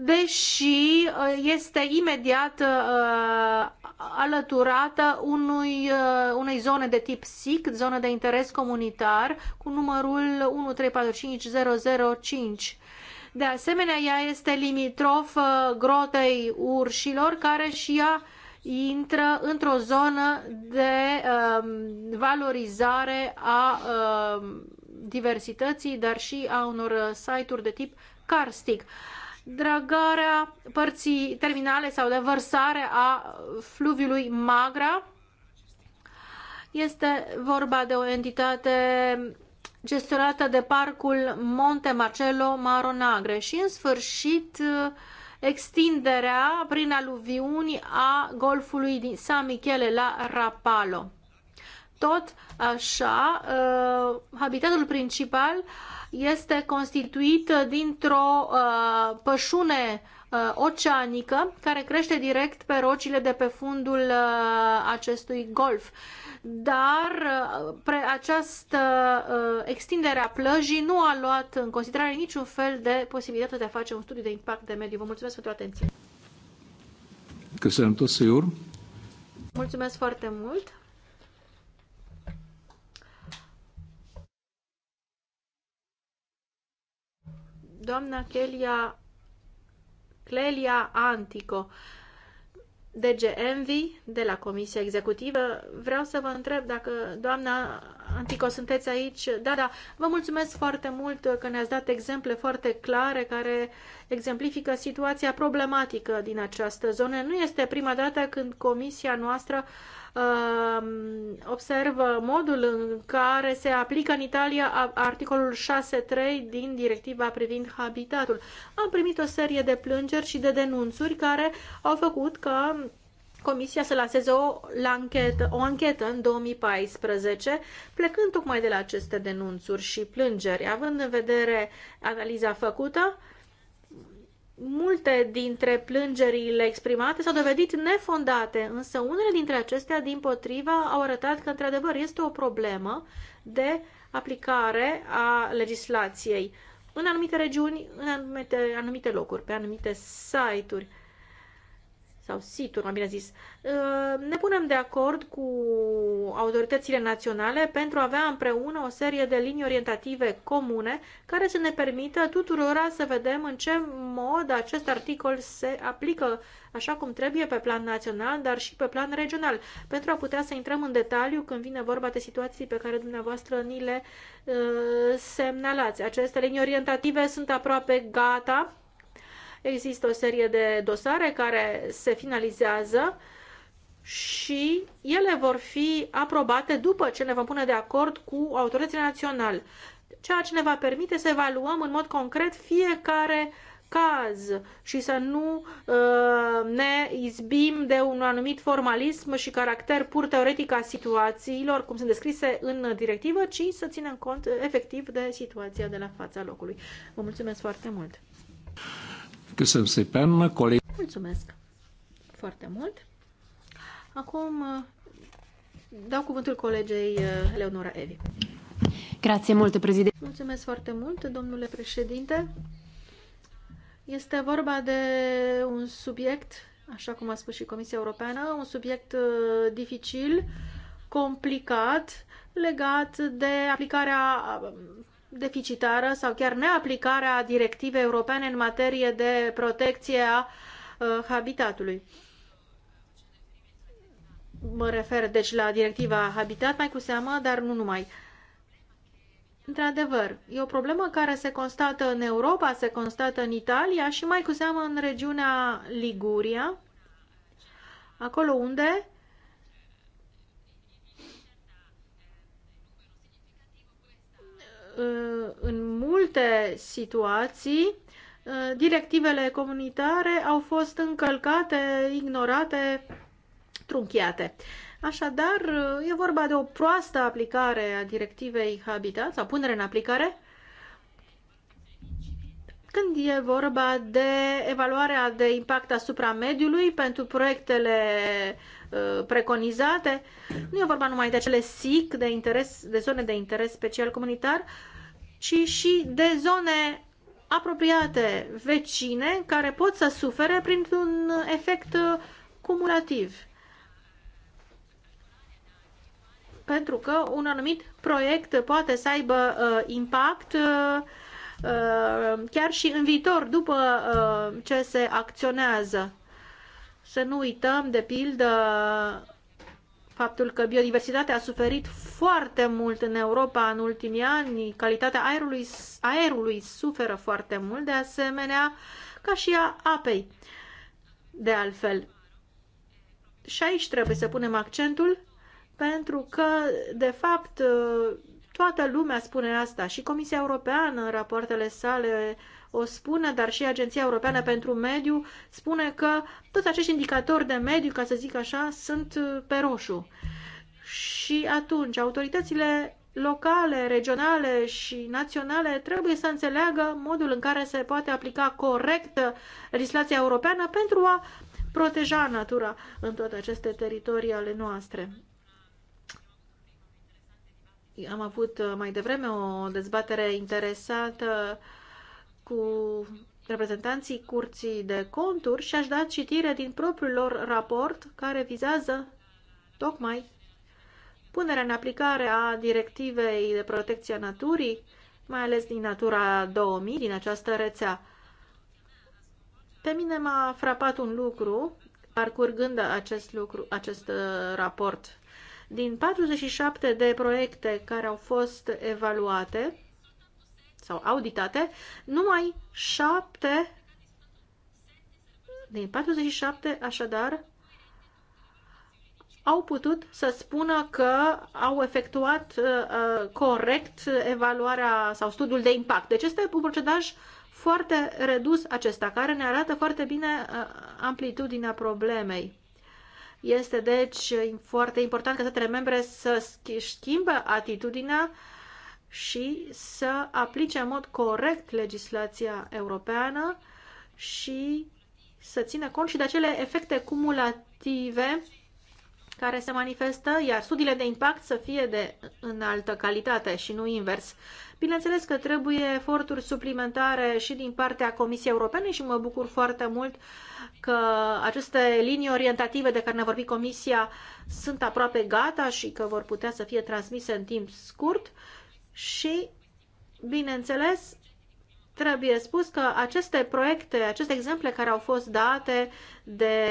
deși uh, este imediat uh, alăturată unui, uh, unei zone de tip SIC, zonă de interes comunitar, cu numărul 1345005. De asemenea, ea este limitrof grotei urșilor, care și ea intră într-o zonă de um, valorizare a um, diversității, dar și a unor site-uri de tip karstic dragarea părții terminale sau de vărsare a fluviului Magra. Este vorba de o entitate gestionată de parcul Monte Marcello Maronagre și în sfârșit extinderea prin aluviuni a golfului din San Michele la Rapallo. Tot așa, uh, habitatul principal uh, este constituit dintr-o uh, pășune uh, oceanică care crește direct pe rocile de pe fundul uh, acestui golf. Dar uh, pre, această uh, extindere a plăjii nu a luat în considerare niciun fel de posibilitate de a face un studiu de impact de mediu. Vă mulțumesc pentru atenție. Că se Mulțumesc foarte mult. doamna Chelia, Clelia Antico, DG Envy, de la Comisia Executivă. Vreau să vă întreb dacă, doamna Antico, sunteți aici? Da, da, vă mulțumesc foarte mult că ne-ați dat exemple foarte clare care exemplifică situația problematică din această zonă. Nu este prima dată când Comisia noastră uh, Um, observă modul în care se aplică în Italia articolul 6.3 din directiva privind habitatul. Am primit o serie de plângeri și de denunțuri care au făcut ca Comisia să lanseze o, la anchetă, o anchetă în 2014, plecând tocmai de la aceste denunțuri și plângeri. Având în vedere analiza făcută, uh, Multe dintre plângerile exprimate s-au dovedit nefondate, însă unele dintre acestea, din potrivă, au arătat că, într-adevăr, este o problemă de aplicare a legislației în anumite regiuni, în anumite, anumite locuri, pe anumite site-uri sau situri, mai bine zis, ă, ne punem de acord cu autoritățile naționale pentru a avea împreună o serie de linii orientative comune care să ne permită tuturora să vedem în ce mod acest articol se aplică așa cum trebuie pe plan național, dar și pe plan regional, pentru a putea să intrăm în detaliu când vine vorba de situații pe care dumneavoastră ni le ă, semnalați. Aceste linii orientative sunt aproape gata Există o serie de dosare care se finalizează și ele vor fi aprobate după ce ne vom pune de acord cu autoritățile naționale, ceea ce ne va permite să evaluăm în mod concret fiecare caz și să nu uh, ne izbim de un anumit formalism și caracter pur teoretic a situațiilor, cum sunt descrise în directivă, ci să ținem cont efectiv de situația de la fața locului. Vă mulțumesc foarte mult! Köszönöm szépen, Mulțumesc foarte mult. Acum uh, dau cuvântul colegei uh, Leonora Evi. Grație mult, președinte. Mulțumesc foarte mult, domnule președinte. Este vorba de un subiect, așa cum a spus și Comisia Europeană, un subiect uh, dificil, complicat, legat de aplicarea deficitară sau chiar neaplicarea directivei europene în materie de protecție a uh, habitatului. Mă refer deci la directiva Habitat, mai cu seamă, dar nu numai. Într-adevăr, e o problemă care se constată în Europa, se constată în Italia și mai cu seamă în regiunea Liguria, acolo unde Uh, în multe situații uh, directivele comunitare au fost încălcate, ignorate, trunchiate. Așadar, uh, e vorba de o proastă aplicare a directivei Habitat sau punere în aplicare când e vorba de evaluarea de impact asupra mediului pentru proiectele Uh, preconizate. Nu e vorba numai de acele SIC, de, interes, de zone de interes special comunitar, ci și de zone apropiate, vecine, care pot să sufere printr-un efect cumulativ. Pentru că un anumit proiect poate să aibă uh, impact uh, uh chiar și în viitor, după uh, ce se acționează. Să nu uităm, de pildă, faptul că biodiversitatea a suferit foarte mult în Europa în ultimii ani, calitatea aerului, aerului suferă foarte mult, de asemenea, ca și a apei, de altfel. Și aici trebuie să punem accentul, pentru că, de fapt, toată lumea spune asta și Comisia Europeană în rapoartele sale o spune, dar și Agenția Europeană pentru Mediu spune că toți acești indicatori de mediu, ca să zic așa, sunt uh, pe roșu. Și atunci autoritățile locale, regionale și naționale trebuie să înțeleagă modul în care se poate aplica corect legislația europeană pentru a proteja natura în toate aceste teritorii ale noastre. Am avut uh, mai devreme o dezbatere interesată cu reprezentanții Curții de Conturi și aș da citire din propriul lor raport care vizează tocmai punerea în aplicare a directivei de protecție a naturii, mai ales din Natura 2000, din această rețea. Pe mine m-a frapat un lucru, parcurgând acest, lucru, acest uh, raport. Din 47 de proiecte care au fost evaluate, sau auditate, numai 7 din 47 așadar au putut să spună că au efectuat uh, uh, corect evaluarea sau studiul de impact. Deci este un procedaj foarte redus acesta, care ne arată foarte bine uh, amplitudinea problemei. Este deci foarte important ca statele membre să schimbe atitudinea uh, și să aplice în mod corect legislația europeană și să țină cont și de acele efecte cumulative care se manifestă, iar studiile de impact să fie de înaltă calitate și nu invers. Bineînțeles că trebuie eforturi suplimentare și din partea Comisiei Europene și mă bucur foarte mult că aceste linii orientative de care ne-a vorbit Comisia sunt aproape gata și că vor putea să fie transmise în timp scurt și, bineînțeles, trebuie spus că aceste proiecte, aceste exemple care au fost date de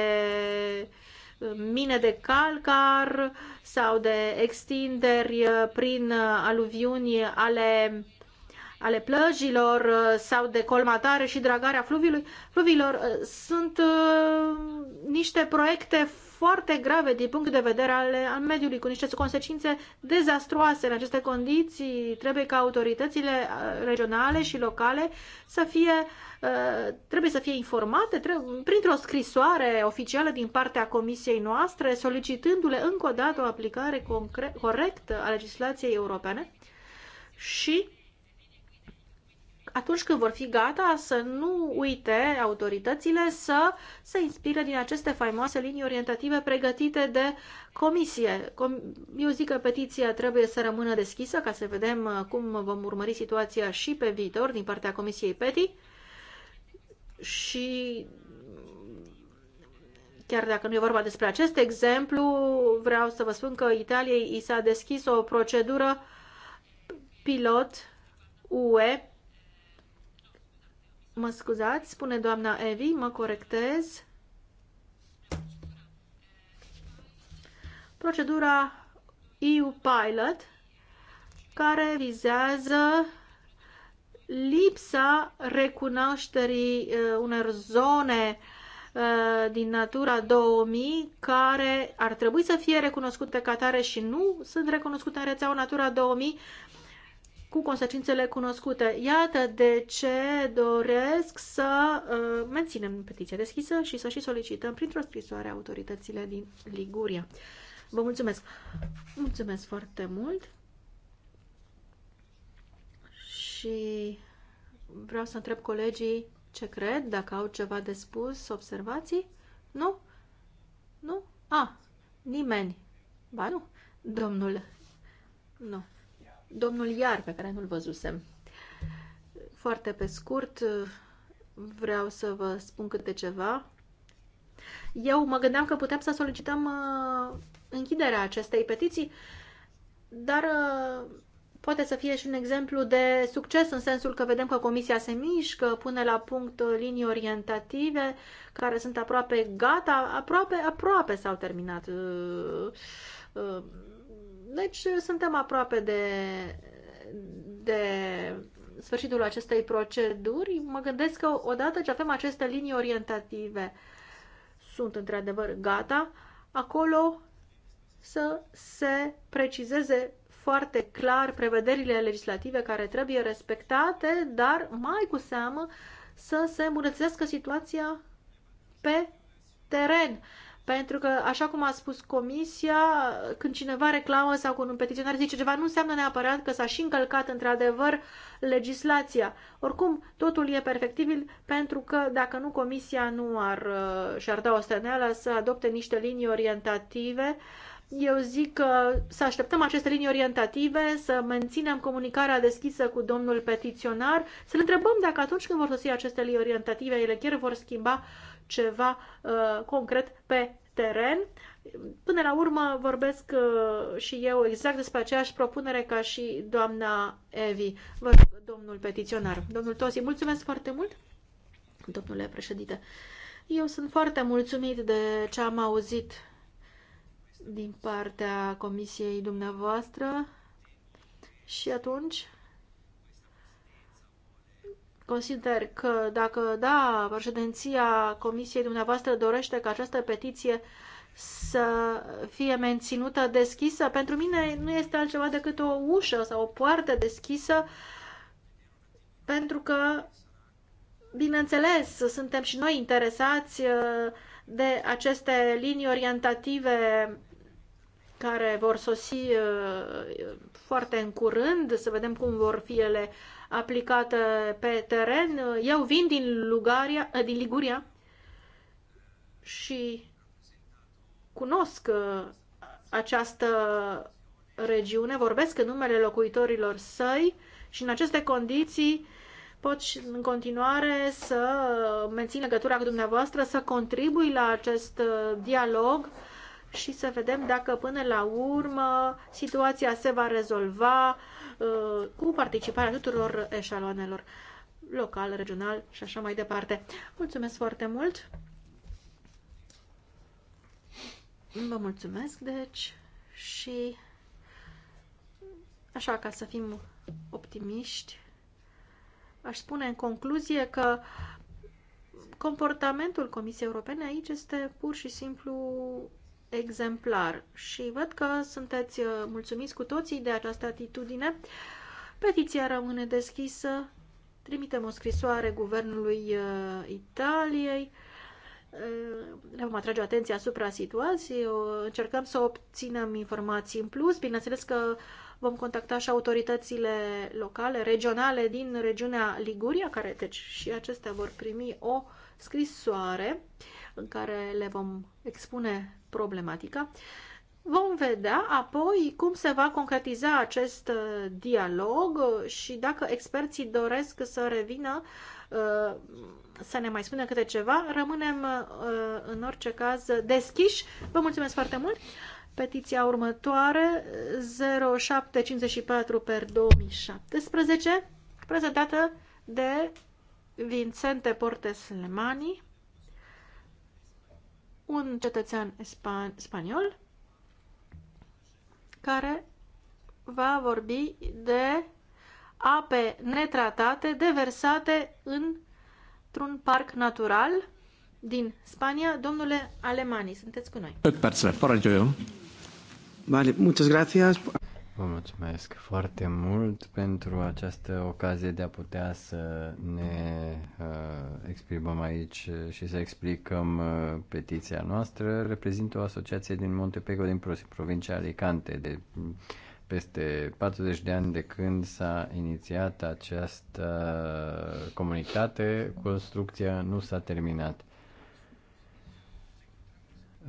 uh, mine de calcar sau de extinderi uh, prin uh, aluviuni ale, ale plăjilor sau de colmatare și dragarea fluviului, fluviilor sunt niște proiecte foarte grave din punct de vedere al, al mediului, cu niște consecințe dezastroase în aceste condiții. Trebuie ca autoritățile uh, regionale și locale să fie, uh, trebuie să fie informate printr-o scrisoare oficială din partea comisiei noastre, solicitându-le încă o dată o aplicare corectă a legislației europene și atunci când vor fi gata, să nu uite autoritățile să se inspire din aceste faimoase linii orientative pregătite de comisie. Eu zic că petiția trebuie să rămână deschisă ca să vedem uh, cum vom urmări situația și pe viitor din partea Comisiei PETI și chiar dacă nu e vorba despre acest exemplu, vreau să vă spun că Italiei i s-a deschis o procedură pilot UE Mă scuzați, spune doamna Evi, mă corectez. Procedura EU Pilot care vizează lipsa recunoașterii uh, unor zone uh, din Natura 2000 care ar trebui să fie recunoscute ca tare și nu sunt recunoscute în rețeaua Natura 2000 cu consecințele cunoscute. Iată de ce doresc să uh, menținem petiția deschisă și să și solicităm printr-o scrisoare autoritățile din Liguria. Vă mulțumesc! Mulțumesc foarte mult! Și vreau să întreb colegii ce cred, dacă au ceva de spus, observații? Nu? Nu? A, ah, nimeni. Ba nu, domnul. Nu domnul Iar, pe care nu-l văzusem. Foarte pe scurt, vreau să vă spun câte ceva. Eu mă gândeam că putem să solicităm uh, închiderea acestei petiții, dar uh, poate să fie și un exemplu de succes în sensul că vedem că comisia se mișcă, pune la punct uh, linii orientative care sunt aproape gata, aproape, aproape s-au terminat. Uh, uh, deci uh, suntem aproape de, de sfârșitul acestei proceduri. Mă gândesc că odată ce avem aceste linii orientative, sunt într-adevăr gata, acolo să se precizeze foarte clar prevederile legislative care trebuie respectate, dar mai cu seamă să se îmbunătățească situația pe teren. Pentru că, așa cum a spus comisia, când cineva reclamă sau când un petiționar zice ceva, nu înseamnă neapărat că s-a și încălcat într-adevăr legislația. Oricum, totul e perfectibil pentru că, dacă nu, comisia nu ar uh, și-ar da o steneală să adopte niște linii orientative. Eu zic că să așteptăm aceste linii orientative, să menținem comunicarea deschisă cu domnul petiționar, să-l întrebăm dacă atunci când vor sosi aceste linii orientative, ele chiar vor schimba ceva uh, concret pe teren. Până la urmă vorbesc uh, și eu exact despre aceeași propunere ca și doamna Evi. Vă rog, domnul petiționar, domnul Tosi, mulțumesc foarte mult, domnule președinte. Eu sunt foarte mulțumit de ce am auzit din partea comisiei dumneavoastră și atunci Consider că dacă, da, președinția Comisiei dumneavoastră dorește ca această petiție să fie menținută deschisă, pentru mine nu este altceva decât o ușă sau o poartă deschisă, pentru că, bineînțeles, suntem și noi interesați uh, de aceste linii orientative care vor sosi uh, foarte în curând, să vedem cum vor fi ele aplicată pe teren. Eu vin din, Lugaria, eh, din Liguria și cunosc eh, această regiune, vorbesc în numele locuitorilor săi și în aceste condiții pot și în continuare să mențin legătura cu dumneavoastră, să contribui la acest eh, dialog și să vedem dacă până la urmă situația se va rezolva Uh, cu participarea tuturor eșaloanelor local, regional și așa mai departe. Mulțumesc foarte mult! Vă mulțumesc, deci, și așa ca să fim optimiști, aș spune în concluzie că comportamentul Comisiei Europene aici este pur și simplu exemplar și văd că sunteți uh, mulțumiți cu toții de această atitudine. Petiția rămâne deschisă. Trimitem o scrisoare Guvernului uh, Italiei. Uh, ne vom atrage atenția asupra situației. Încercăm să obținem informații în plus. Bineînțeles că vom contacta și autoritățile locale, regionale din regiunea Liguria, care deci și acestea vor primi o scrisoare în care le vom expune problematica. Vom vedea apoi cum se va concretiza acest uh, dialog și dacă experții doresc să revină uh, să ne mai spună câte ceva. Rămânem uh, în orice caz deschiși. Vă mulțumesc foarte mult! Petiția următoare 0754 per 2017 prezentată de Vincente Portes Lemani un cetățean span spaniol care va vorbi de ape netratate deversate într-un parc natural din Spania. Domnule Alemani, sunteți cu noi. Păi, vale, muchas gracias. Vă mulțumesc foarte mult pentru această ocazie de a putea să ne uh, exprimăm aici și să explicăm uh, petiția noastră. Reprezintă o asociație din Montepego, din provincia Alicante, de peste 40 de ani de când s-a inițiat această uh, comunitate, construcția nu s-a terminat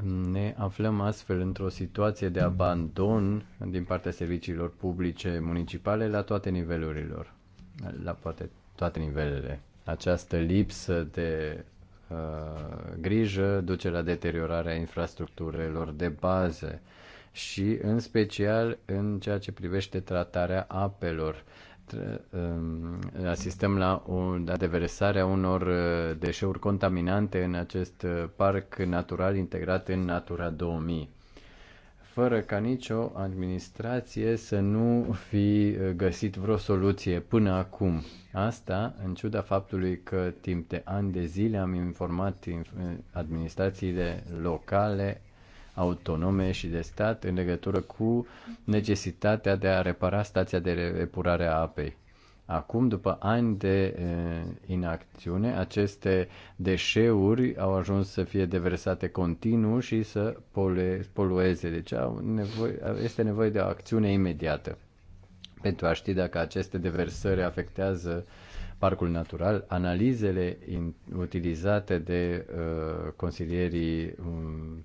ne aflăm astfel într-o situație de abandon din partea serviciilor publice municipale la toate nivelurilor, la poate toate nivelele. Această lipsă de uh, grijă duce la deteriorarea infrastructurilor de bază și în special în ceea ce privește tratarea apelor. Um, asistăm la o la a unor uh, deșeuri contaminante în acest uh, parc natural integrat în Natura 2000 fără ca nicio administrație să nu fi uh, găsit vreo soluție până acum. Asta, în ciuda faptului că timp de ani de zile am informat administrațiile locale autonome și de stat în legătură cu necesitatea de a repara stația de epurare a apei. Acum, după ani de eh, inacțiune, aceste deșeuri au ajuns să fie deversate continuu și să polueze. Deci au nevoie, este nevoie de o acțiune imediată pentru a ști dacă aceste deversări afectează parcul natural. Analizele utilizate de uh, consilierii um,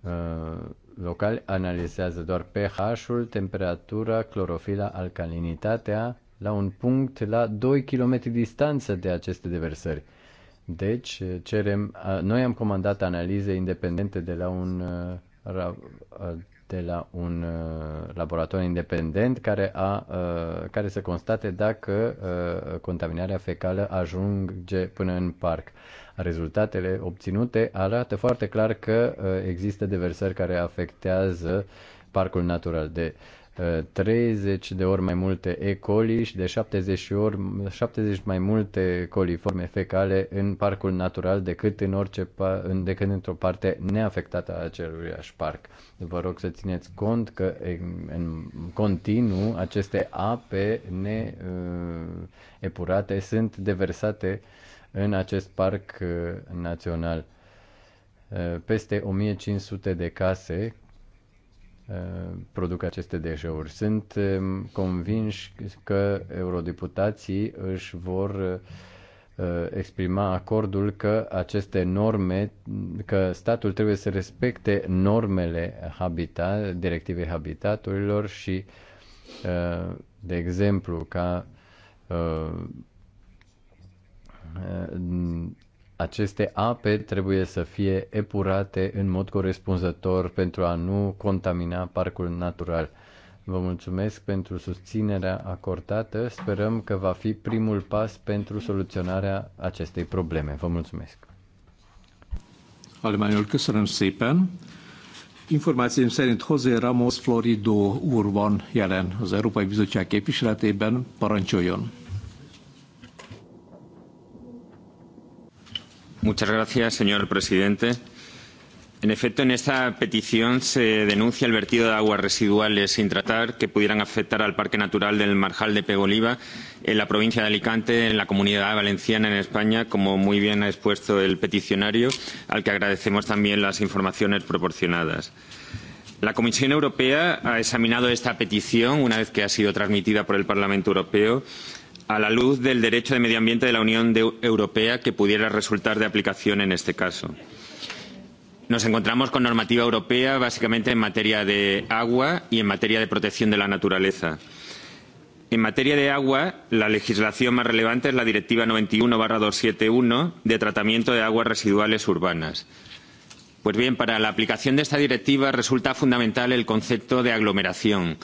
Uh, local analizează doar pH-ul, temperatura, clorofila, alcalinitatea la un punct la 2 km distanță de aceste deversări. Deci, uh, cerem, uh, noi am comandat analize independente de la un, de la un laborator independent care, a, care să constate dacă contaminarea fecală ajunge până în parc. Rezultatele obținute arată foarte clar că uh, există deversări care afectează parcul natural de 30 uh, de ori mai multe E. coli și de 70 ori 70 mai multe coliforme fecale în parcul natural decât în orice decât într-o parte neafectată a aceluiași parc. Vă rog să țineți cont că în continuu aceste ape neepurate uh, sunt deversate în acest parc uh, național. Uh, peste 1500 de case uh, produc aceste deșeuri. Sunt um, convinși că eurodeputații își vor exprima acordul că aceste norme, că statul trebuie să respecte normele habitat, directivei habitaturilor și, de exemplu, ca aceste ape trebuie să fie epurate în mod corespunzător pentru a nu contamina parcul natural. Vă mulțumesc pentru susținerea acordată. Sperăm că va fi primul pas pentru soluționarea acestei probleme. Vă mulțumesc. Almányol, köszönöm szépen. în serint Jose Ramos Florido úr van jelen az Európai Bizottság képviseletében. Parancsoljon! señor presidente. En efecto, en esta petición se denuncia el vertido de aguas residuales sin tratar que pudieran afectar al Parque Natural del Marjal de Pegoliva en la provincia de Alicante, en la Comunidad Valenciana, en España, como muy bien ha expuesto el peticionario, al que agradecemos también las informaciones proporcionadas. La Comisión Europea ha examinado esta petición una vez que ha sido transmitida por el Parlamento Europeo a la luz del derecho de medio ambiente de la Unión Europea que pudiera resultar de aplicación en este caso. Nos encontramos con normativa europea básicamente en materia de agua y en materia de protección de la naturaleza. En materia de agua, la legislación más relevante es la Directiva 91-271 de tratamiento de aguas residuales urbanas. Pues bien, para la aplicación de esta directiva resulta fundamental el concepto de aglomeración,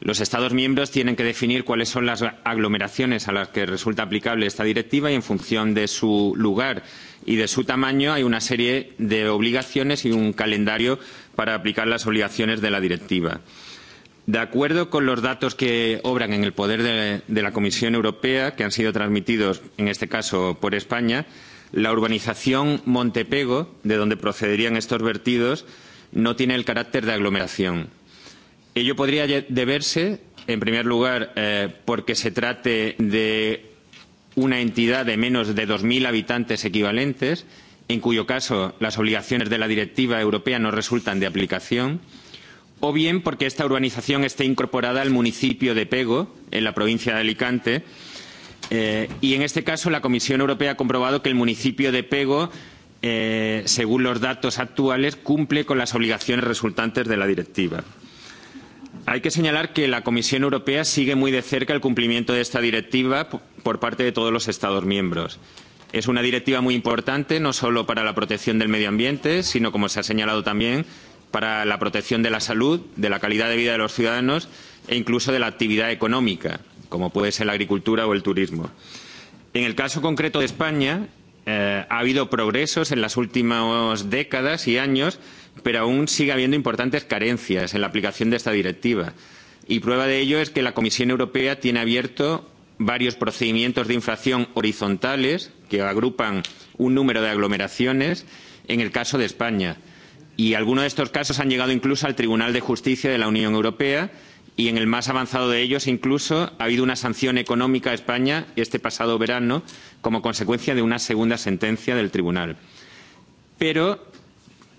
los estados miembros tienen que definir cuáles son las aglomeraciones a las que resulta aplicable esta directiva y en función de su lugar y de su tamaño hay una serie de obligaciones y un calendario para aplicar las obligaciones de la directiva. De acuerdo con los datos que obran en el poder de, de la Comisión Europea, que han sido transmitidos, en este caso, por España, la urbanización Montepego, de donde procederían estos vertidos, no tiene el carácter de aglomeración Ello podría deberse, en primer lugar, eh, porque se trate de una entidad de menos de 2.000 habitantes equivalentes, en cuyo caso las obligaciones de la directiva europea no resultan de aplicación, o bien porque esta urbanización esté incorporada al municipio de Pego, en la provincia de Alicante, eh, y en este caso la Comisión Europea ha comprobado que el municipio de Pego, eh, según los datos actuales, cumple con las obligaciones resultantes de la directiva. Eh, Hay que señalar que la Comisión Europea sigue muy de cerca el cumplimiento de esta directiva por parte de todos los Estados miembros. Es una directiva muy importante no solo para la protección del medio ambiente, sino, como se ha señalado también, para la protección de la salud, de la calidad de vida de los ciudadanos e incluso de la actividad económica, como puede ser la agricultura o el turismo. En el caso concreto de España, eh, ha habido progresos en las últimas décadas y años pero aún sigue habiendo importantes carencias en la aplicación de esta directiva. Y prueba de ello es que la Comisión Europea tiene abierto varios procedimientos de infracción horizontales que agrupan un número de aglomeraciones en el caso de España. Y algunos de estos casos han llegado incluso al Tribunal de Justicia de la Unión Europea y en el más avanzado de ellos incluso ha habido una sanción económica a España este pasado verano como consecuencia de una segunda sentencia del Tribunal. Pero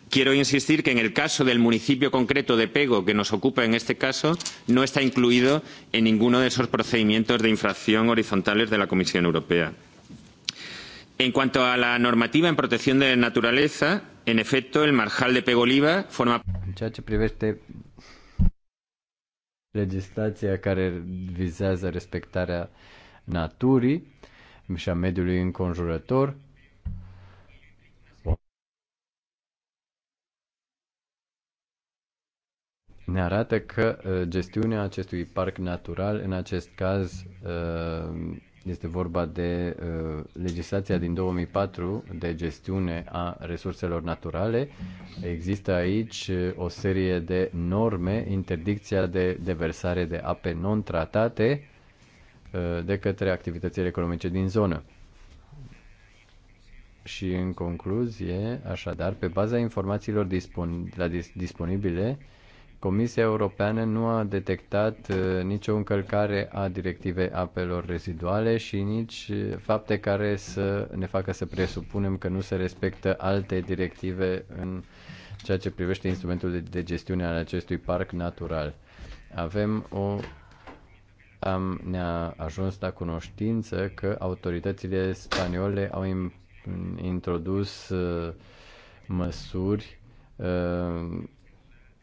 Quiero insistir que en el caso del municipio concreto de Pego, que nos ocupa en este caso, no está incluido en ninguno de esos procedimientos de infracción horizontales de la Comisión Europea. En cuanto a la normativa en protección de naturaleza, en efecto, el marjal de Pego Oliva forma. ceea privește legislația care vizează respectarea naturii și a mediului înconjurător, ne arată că uh, gestiunea acestui parc natural, în acest caz uh, este vorba de uh, legislația din 2004 de gestiune a resurselor naturale. Există aici o serie de norme, interdicția de deversare de ape non-tratate de către activitățile economice din zonă. Și în concluzie, așadar, pe baza informațiilor dispon- disponibile, Comisia Europeană nu a detectat uh, nicio încălcare a directivei apelor reziduale și nici uh, fapte care să ne facă să presupunem că nu se respectă alte directive în ceea ce privește instrumentul de gestiune al acestui parc natural. Avem o am, ne-a ajuns la cunoștință că autoritățile spaniole au in, introdus uh, măsuri uh,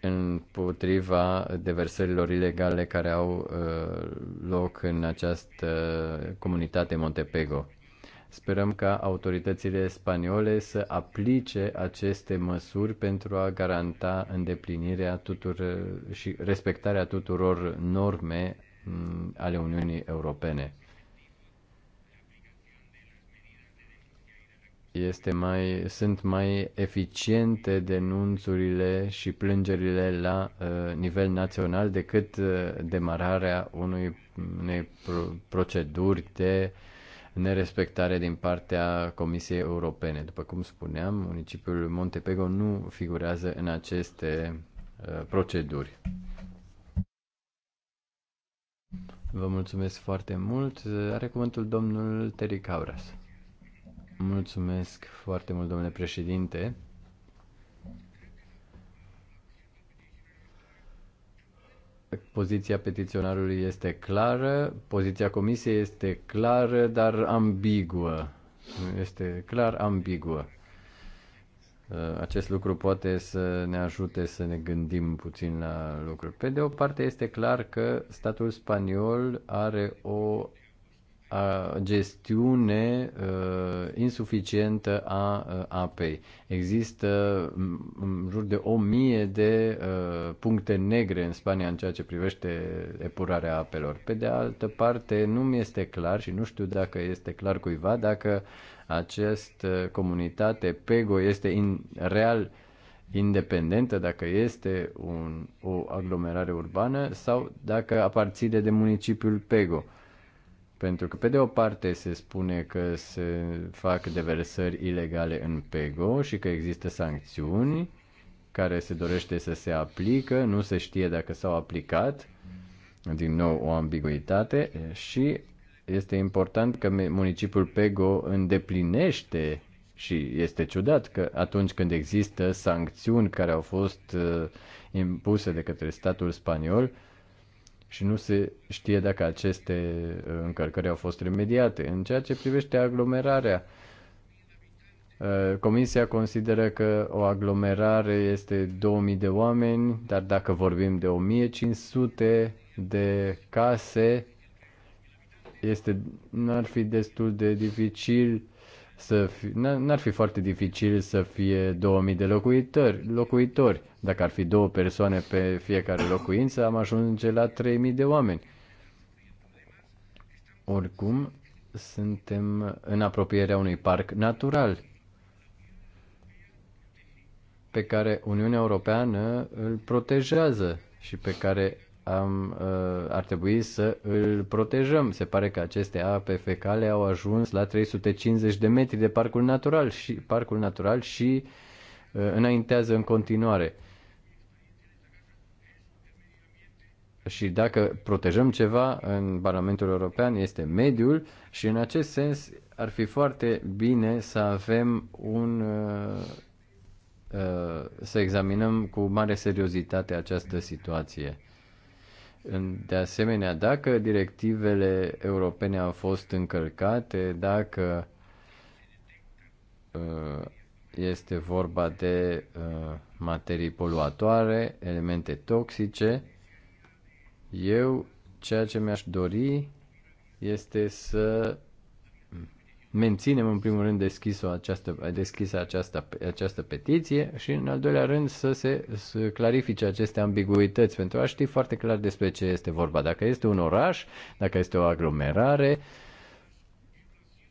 împotriva deversărilor ilegale care au uh, loc în această comunitate Montepego. Sperăm ca autoritățile spaniole să aplice aceste măsuri pentru a garanta îndeplinirea tuturor și respectarea tuturor norme mm, ale Uniunii Europene. este mai, sunt mai eficiente denunțurile și plângerile la uh, nivel național decât uh, demararea unui, unei pro, proceduri de nerespectare din partea Comisiei Europene. După cum spuneam, municipiul Montepego nu figurează în aceste uh, proceduri. Vă mulțumesc foarte mult. Are cuvântul domnul Teric Auras. Mulțumesc foarte mult, domnule președinte. Poziția petiționarului este clară, poziția comisiei este clară, dar ambiguă. Este clar ambiguă. Uh, acest lucru poate să ne ajute să ne gândim puțin la lucruri. Pe de o parte este clar că statul spaniol are o a gestiune uh, insuficientă a uh, apei. Există în jur de o mie de uh, puncte negre în Spania în ceea ce privește epurarea apelor. Pe de altă parte, nu mi este clar și nu știu dacă este clar cuiva dacă această uh, comunitate PEGO este in, real independentă, dacă este un, o aglomerare urbană sau dacă aparține de municipiul PEGO pentru că, pe de o parte, se spune că se fac deversări ilegale în PEGO și că există sancțiuni care se dorește să se aplică, nu se știe dacă s-au aplicat, din nou o ambiguitate, și este important că municipiul PEGO îndeplinește și este ciudat că atunci când există sancțiuni care au fost uh, impuse de către statul spaniol, și nu se știe dacă aceste uh, încărcări au fost remediate. În ceea ce privește aglomerarea, uh, Comisia consideră că o aglomerare este 2000 de oameni, dar dacă vorbim de 1500 de case, este, n-ar fi destul de dificil să fi, n-ar fi foarte dificil să fie 2000 de locuitori, locuitori. Dacă ar fi două persoane pe fiecare locuință, am ajunge la 3000 de oameni. Oricum, suntem în apropierea unui parc natural pe care Uniunea Europeană îl protejează și pe care am, uh, ar trebui să îl protejăm. Se pare că aceste ape fecale au ajuns la 350 de metri de parcul natural și, parcul natural și uh, înaintează în continuare. Și dacă protejăm ceva în Parlamentul European este mediul și în acest sens ar fi foarte bine să avem un uh, să examinăm cu mare seriozitate această situație. De asemenea, dacă directivele europene au fost încălcate, dacă uh, este vorba de uh, materii poluatoare, elemente toxice, eu ceea ce mi-aș dori este să menținem în primul rând deschisă această, deschisă această, această petiție și în al doilea rând să se să clarifice aceste ambiguități pentru a ști foarte clar despre ce este vorba. Dacă este un oraș, dacă este o aglomerare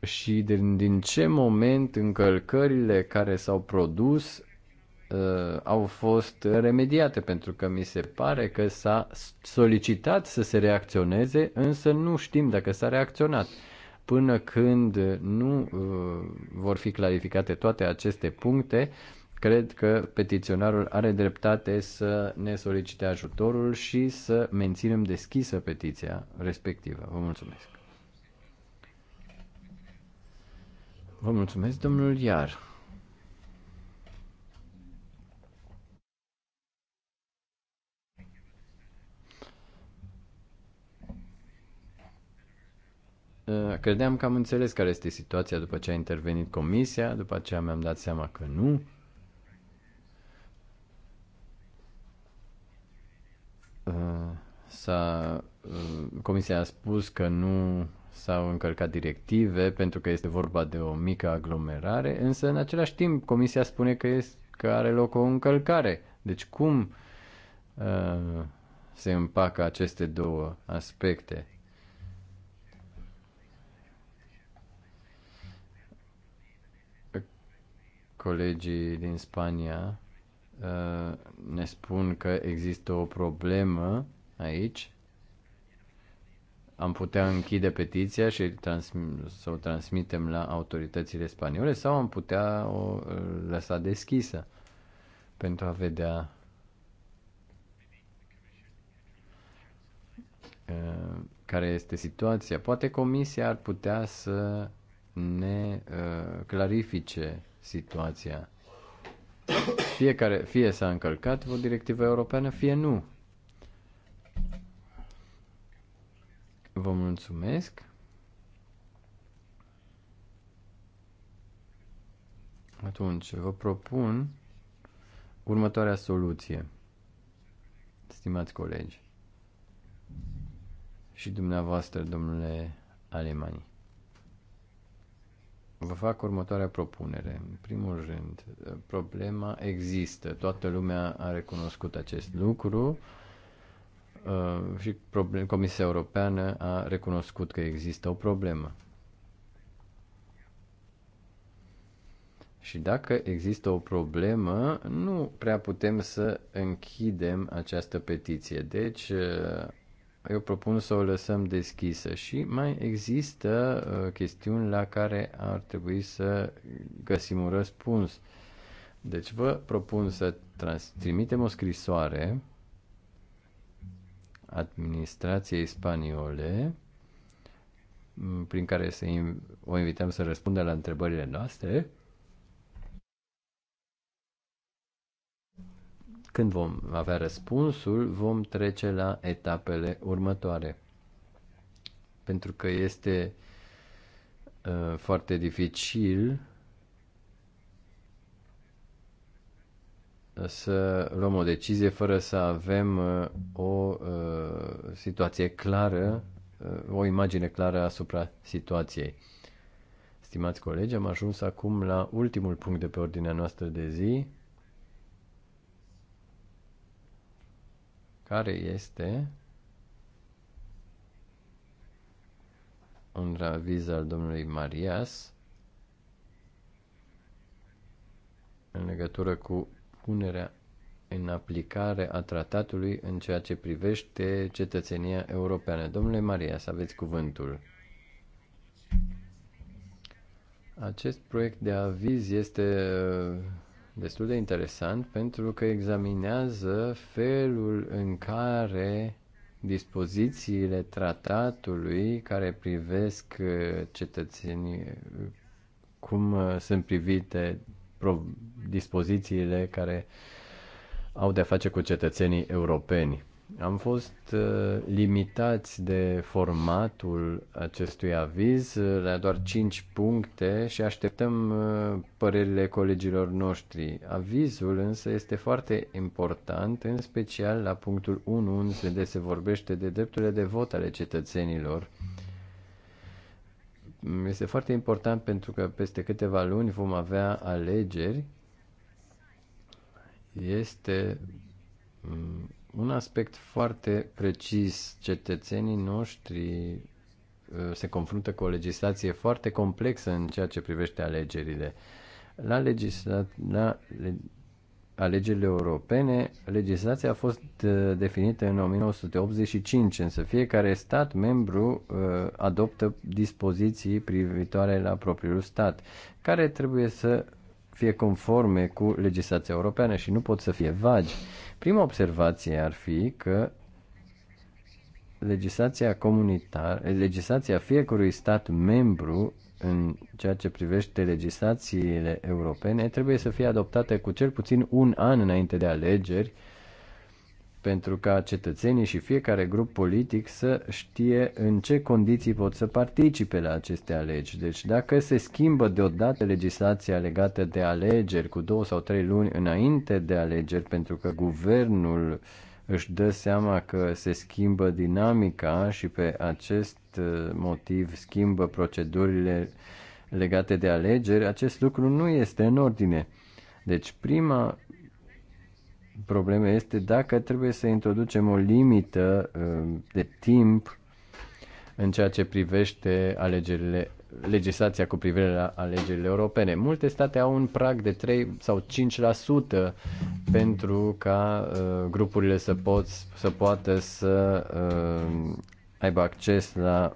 și din, din ce moment încălcările care s-au produs uh, au fost remediate pentru că mi se pare că s-a solicitat să se reacționeze, însă nu știm dacă s-a reacționat până când nu uh, vor fi clarificate toate aceste puncte, cred că petiționarul are dreptate să ne solicite ajutorul și să menținem deschisă petiția respectivă. Vă mulțumesc. Vă mulțumesc, domnul Iar. Uh, credeam că am înțeles care este situația după ce a intervenit comisia, după aceea mi-am dat seama că nu. Uh, s-a, uh, comisia a spus că nu s-au încălcat directive pentru că este vorba de o mică aglomerare, însă în același timp comisia spune că, este, că are loc o încălcare. Deci cum uh, se împacă aceste două aspecte? Colegii din Spania uh, ne spun că există o problemă aici. Am putea închide petiția și transmi- să o transmitem la autoritățile spaniole sau am putea o uh, lăsa deschisă pentru a vedea uh, care este situația. Poate comisia ar putea să ne clarifice situația. Fiecare, fie s-a încălcat o directivă europeană, fie nu. Vă mulțumesc. Atunci, vă propun următoarea soluție, stimați colegi și dumneavoastră, domnule Alemani. Vă fac următoarea propunere. În primul rând, problema există. Toată lumea a recunoscut acest lucru uh, și Comisia Europeană a recunoscut că există o problemă. Și dacă există o problemă, nu prea putem să închidem această petiție. Deci uh, eu propun să o lăsăm deschisă și mai există uh, chestiuni la care ar trebui să găsim un răspuns. Deci vă propun să trans- trimitem o scrisoare administrației spaniole prin care să o invităm să răspundă la întrebările noastre Când vom avea răspunsul, vom trece la etapele următoare. Pentru că este uh, foarte dificil uh, să luăm o decizie fără să avem uh, o uh, situație clară, uh, o imagine clară asupra situației. Stimați colegi, am ajuns acum la ultimul punct de pe ordinea noastră de zi, care este un aviz al domnului Marias în legătură cu punerea în aplicare a tratatului în ceea ce privește cetățenia europeană. Domnule Marias, aveți cuvântul. Acest proiect de aviz este destul de interesant pentru că examinează felul în care dispozițiile tratatului care privesc uh, cetățenii, uh, cum uh, sunt privite dispozițiile care au de-a face cu cetățenii europeni. Am fost uh, limitați de formatul acestui aviz uh, la doar 5 puncte și așteptăm uh, părerile colegilor noștri. Avizul însă este foarte important, în special la punctul 1 unde se vorbește de drepturile de vot ale cetățenilor. Mm, este foarte important pentru că peste câteva luni vom avea alegeri. Este mm, un aspect foarte precis. Cetățenii noștri uh, se confruntă cu o legislație foarte complexă în ceea ce privește alegerile. La, legisla... la le... alegerile europene, legislația a fost uh, definită în 1985, însă fiecare stat membru uh, adoptă dispoziții privitoare la propriul stat, care trebuie să fie conforme cu legislația europeană și nu pot să fie vagi. Prima observație ar fi că legislația comunitară, legislația fiecărui stat membru în ceea ce privește legislațiile europene trebuie să fie adoptate cu cel puțin un an înainte de alegeri pentru ca cetățenii și fiecare grup politic să știe în ce condiții pot să participe la aceste alegeri. Deci dacă se schimbă deodată legislația legată de alegeri cu două sau trei luni înainte de alegeri, pentru că guvernul își dă seama că se schimbă dinamica și pe acest uh, motiv schimbă procedurile legate de alegeri, acest lucru nu este în ordine. Deci prima probleme este dacă trebuie să introducem o limită uh, de timp în ceea ce privește alegerile, legislația cu privire la alegerile europene. Multe state au un prag de 3 sau 5% pentru ca uh, grupurile să, pot, să poată să uh, aibă acces la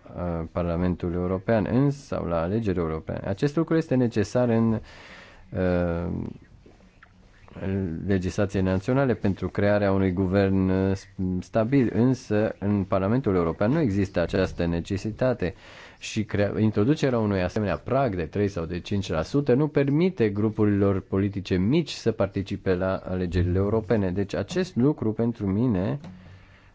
Parlamentul European sau la alegeri europene. Acest lucru este necesar în legislației naționale pentru crearea unui guvern uh, stabil, însă în Parlamentul European nu există această necesitate și crea- introducerea unui asemenea prag de 3 sau de 5% nu permite grupurilor politice mici să participe la alegerile europene. Deci acest lucru pentru mine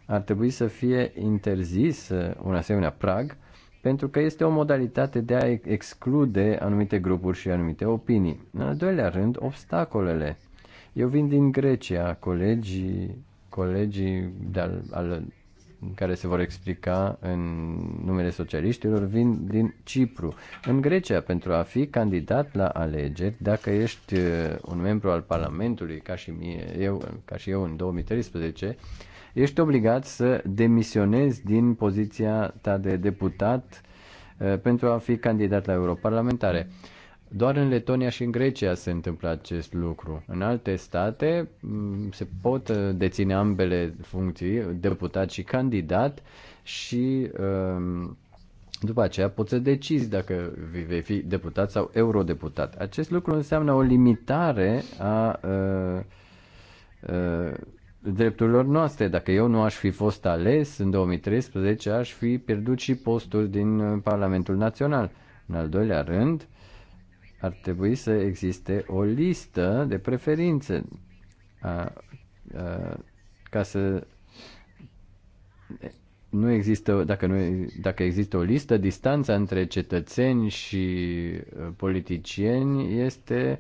ar trebui să fie interzis uh, un asemenea prag pentru că este o modalitate de a exclude anumite grupuri și anumite opinii. În al doilea rând, obstacolele eu vin din Grecia, colegii, colegii de al, al, care se vor explica în numele socialiștilor vin din Cipru. În Grecia, pentru a fi candidat la alegeri, dacă ești uh, un membru al Parlamentului, ca și, mie, eu, ca și eu în 2013, ești obligat să demisionezi din poziția ta de deputat uh, pentru a fi candidat la europarlamentare. Doar în Letonia și în Grecia se întâmplă acest lucru. În alte state mm, se pot uh, deține ambele funcții, deputat și candidat, și um, după aceea poți să decizi dacă vei fi deputat sau eurodeputat. Acest lucru înseamnă o limitare a uh, uh, drepturilor noastre. Dacă eu nu aș fi fost ales în 2013, aș fi pierdut și postul din Parlamentul Național. În al doilea rând, ar trebui să existe o listă de preferințe a, a, ca să nu există, dacă, nu, dacă există o listă, distanța între cetățeni și politicieni este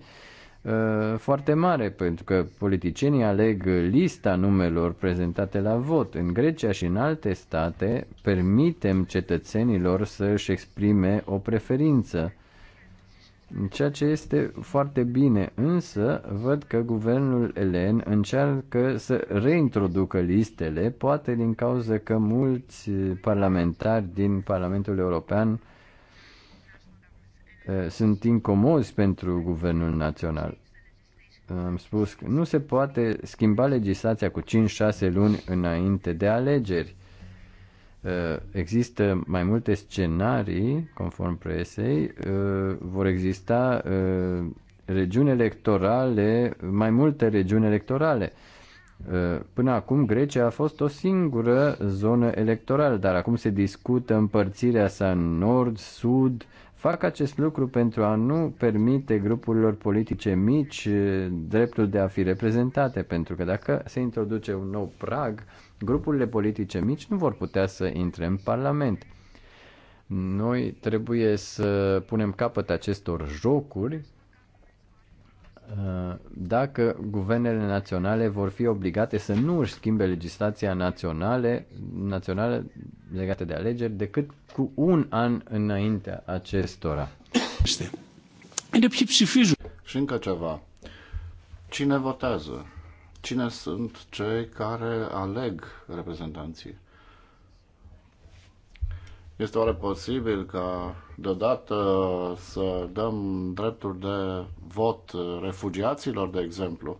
uh, foarte mare, pentru că politicienii aleg lista numelor prezentate la vot. În Grecia și în alte state permitem cetățenilor să își exprime o preferință ceea ce este foarte bine, însă văd că guvernul elen încearcă să reintroducă listele, poate din cauza că mulți parlamentari din Parlamentul European eh, sunt incomozi pentru guvernul național. Am spus că nu se poate schimba legislația cu 5-6 luni înainte de alegeri Uh, există mai multe scenarii, conform presei, uh, vor exista uh, regiuni electorale, mai multe regiuni electorale. Până acum Grecia a fost o singură zonă electorală, dar acum se discută împărțirea sa în nord, sud. Fac acest lucru pentru a nu permite grupurilor politice mici dreptul de a fi reprezentate, pentru că dacă se introduce un nou prag, grupurile politice mici nu vor putea să intre în Parlament. Noi trebuie să punem capăt acestor jocuri uh, dacă guvernele naționale vor fi obligate să nu își schimbe legislația naționale, națională legată de alegeri decât cu un an înaintea acestora. Este. Și încă ceva. Cine votează? cine sunt cei care aleg reprezentanții. Este oare posibil ca deodată să dăm drepturi de vot refugiaților, de exemplu,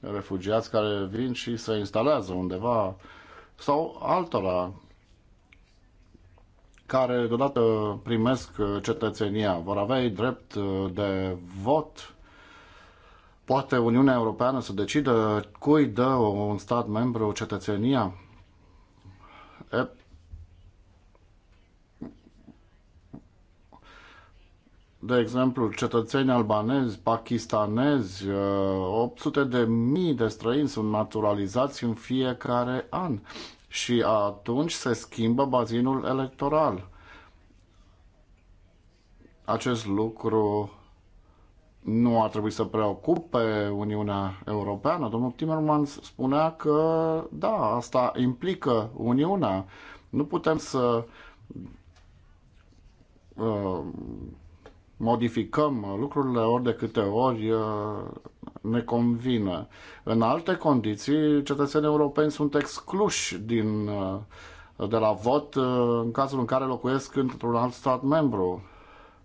refugiați care vin și se instalează undeva, sau altora care deodată primesc cetățenia, vor avea ei drept de vot poate Uniunea Europeană să decidă cui dă un stat membru cetățenia? E... De exemplu, cetățeni albanezi, pakistanezi, 800 de mii de străini sunt naturalizați în fiecare an și atunci se schimbă bazinul electoral. Acest lucru nu ar trebui să preocupe Uniunea Europeană. Domnul Timmermans spunea că, da, asta implică Uniunea. Nu putem să uh, modificăm lucrurile ori de câte ori uh, ne convine. În alte condiții, cetățenii europeni sunt excluși din, uh, de la vot uh, în cazul în care locuiesc într-un alt stat membru.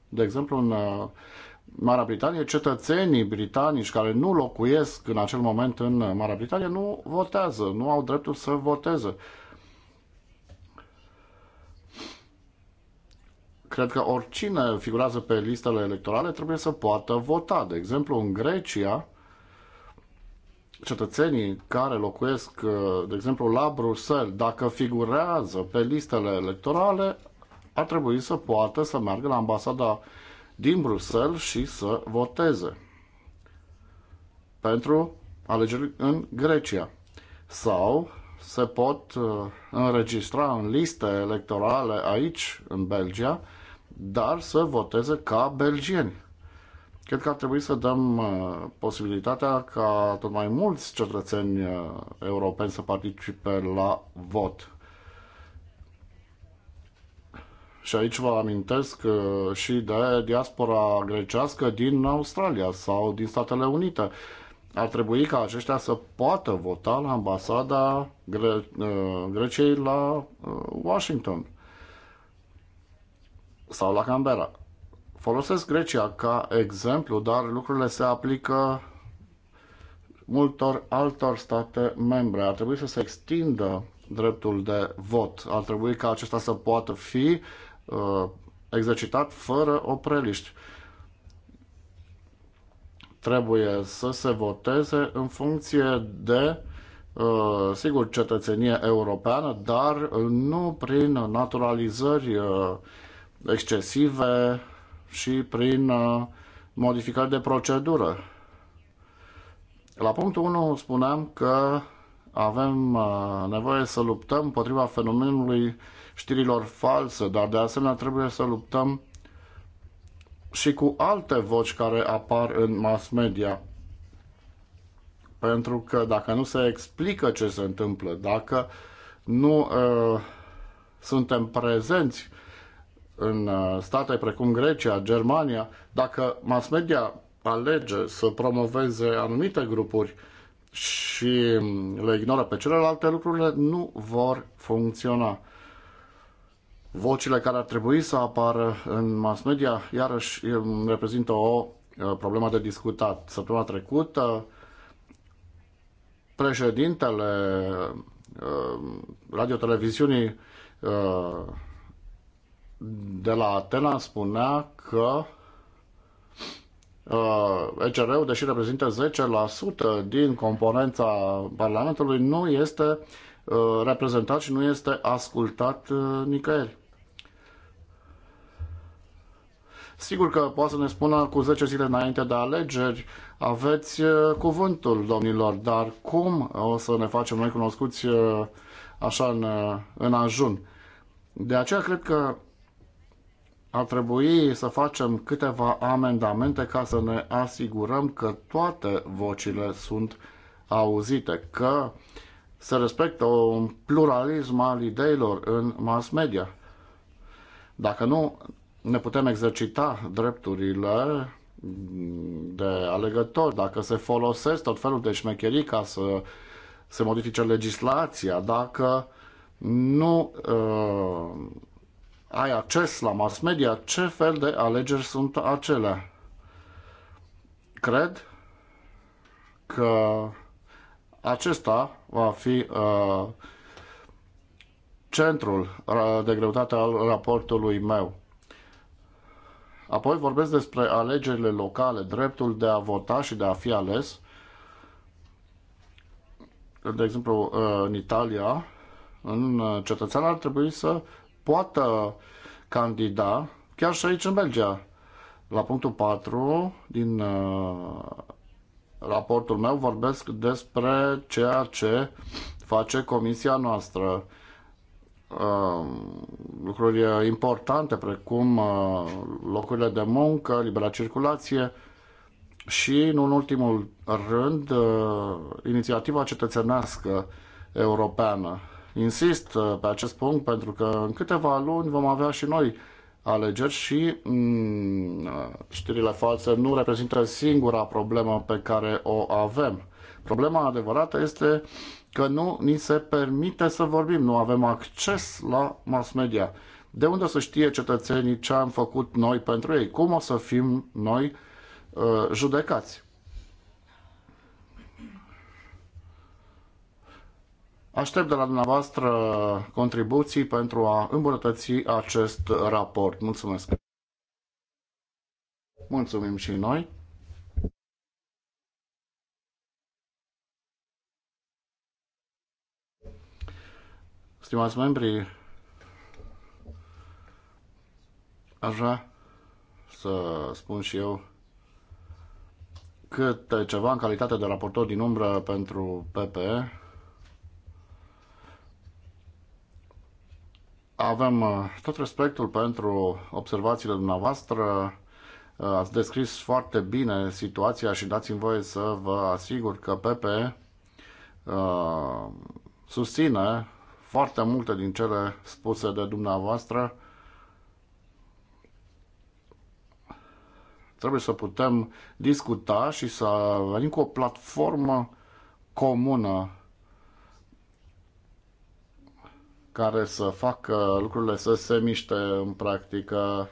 De exemplu, în uh, Marea Britanie, cetățenii britanici care nu locuiesc în acel moment în Marea Britanie nu votează, nu au dreptul să voteze. Cred că oricine figurează pe listele electorale trebuie să poată vota. De exemplu, în Grecia, cetățenii care locuiesc, de exemplu, la Bruxelles, dacă figurează pe listele electorale, ar trebui să poată să meargă la ambasada din Bruxelles și să voteze pentru alegeri în Grecia. Sau se pot uh, înregistra în liste electorale aici, în Belgia, dar să voteze ca belgieni. Cred că ar trebui să dăm uh, posibilitatea ca tot mai mulți cetățeni uh, europeni să participe la vot. Și aici vă amintesc și de diaspora grecească din Australia sau din Statele Unite. Ar trebui ca aceștia să poată vota la ambasada Gre- uh, Greciei la uh, Washington sau la Canberra. Folosesc Grecia ca exemplu, dar lucrurile se aplică multor altor state membre. Ar trebui să se extindă dreptul de vot. Ar trebui ca acesta să poată fi Uh, exercitat fără opreliști. Trebuie să se voteze în funcție de, uh, sigur, cetățenie europeană, dar nu prin naturalizări uh, excesive și prin modificări de procedură. La punctul 1 spuneam că avem nevoie să luptăm împotriva fenomenului știrilor false, dar de asemenea trebuie să luptăm și cu alte voci care apar în mass media. Pentru că dacă nu se explică ce se întâmplă, dacă nu uh, suntem prezenți în uh, state precum Grecia, Germania, dacă mass media alege să promoveze anumite grupuri și le ignoră pe celelalte, lucrurile nu vor funcționa vocile care ar trebui să apară în mass media, iarăși reprezintă o uh, problemă de discutat. Săptămâna trecută, președintele uh, radioteleviziunii uh, de la Atena spunea că ECR-ul, deși reprezintă 10% din componența Parlamentului, nu este reprezentat și nu este ascultat nicăieri. Sigur că poate să ne spună cu 10 zile înainte de alegeri, aveți uh, cuvântul, domnilor, dar cum o să ne facem noi cunoscuți uh, așa în, uh, în ajun? De aceea cred că ar trebui să facem câteva amendamente ca să ne asigurăm că toate vocile sunt auzite, că se respectă un pluralism al ideilor în mass media. Dacă nu, ne putem exercita drepturile de alegători, dacă se folosesc tot felul de șmecherii ca să se modifice legislația, dacă nu uh, ai acces la mass media, ce fel de alegeri sunt acelea? Cred că acesta va fi uh, centrul uh, de greutate al raportului meu. Apoi vorbesc despre alegerile locale, dreptul de a vota și de a fi ales. De exemplu, uh, în Italia, un uh, cetățean ar trebui să poată candida, chiar și aici în Belgia. La punctul 4 din uh, raportul meu vorbesc despre ceea ce face comisia noastră Uh, lucruri uh, importante precum uh, locurile de muncă, libera circulație și, în ultimul rând, inițiativa cetățenească europeană. Insist pe acest punct pentru că în câteva luni vom avea și noi alegeri și mm, știrile false nu reprezintă singura problemă pe care o avem. Problema adevărată este uh, că nu ni se permite să vorbim, nu avem acces la mass media. De unde să știe cetățenii ce am făcut noi pentru ei? Cum o să fim noi uh, judecați? Aștept de la dumneavoastră contribuții pentru a îmbunătăți acest raport. Mulțumesc! Mulțumim și noi! Stimați membri, aș vrea să spun și eu cât ceva în calitate de raportor din umbră pentru PPE. Avem uh, tot respectul pentru observațiile dumneavoastră. Uh, ați descris foarte bine situația și dați-mi voie să vă asigur că PPE uh, susține foarte multe din cele spuse de dumneavoastră trebuie să putem discuta și să venim cu o platformă comună care să facă lucrurile să se miște în practică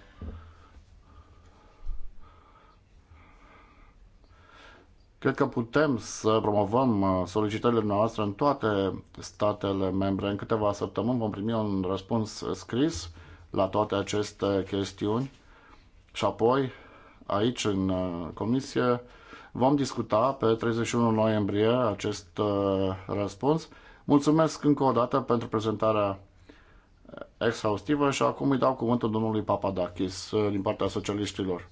Cred că putem să promovăm uh, solicitările noastre în toate statele membre. În câteva săptămâni vom primi un răspuns scris la toate aceste chestiuni și apoi aici în uh, comisie vom discuta pe 31 noiembrie acest uh, răspuns. Mulțumesc încă o dată pentru prezentarea exhaustivă și acum îi dau cuvântul domnului Papadakis din partea socialiștilor.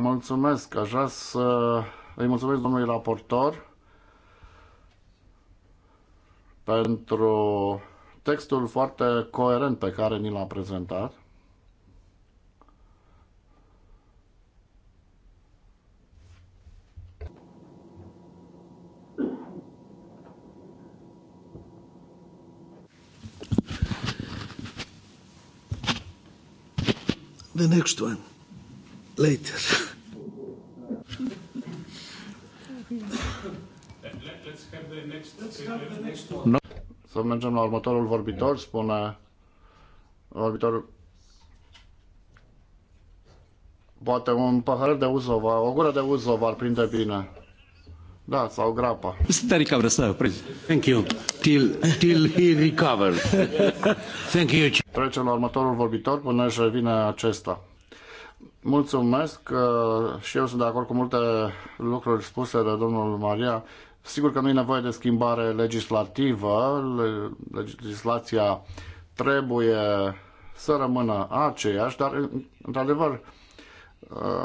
Mulțumesc, aș vrea să îi mulțumesc domnului raportor pentru textul foarte coerent pe care ni l-a prezentat. The next one later. No. Să mergem la următorul vorbitor, spune vorbitorul. Poate un pahar de uzova, o gură de uzova ar prinde bine. Da, sau grapa. Să recover, să Thank you. Till, till he recovers. Thank you. Trecem la următorul vorbitor până își revine acesta. Mulțumesc uh, și eu sunt de acord cu multe lucruri spuse de domnul Maria. Sigur că nu e nevoie de schimbare legislativă, legislația trebuie să rămână aceeași, dar, într-adevăr,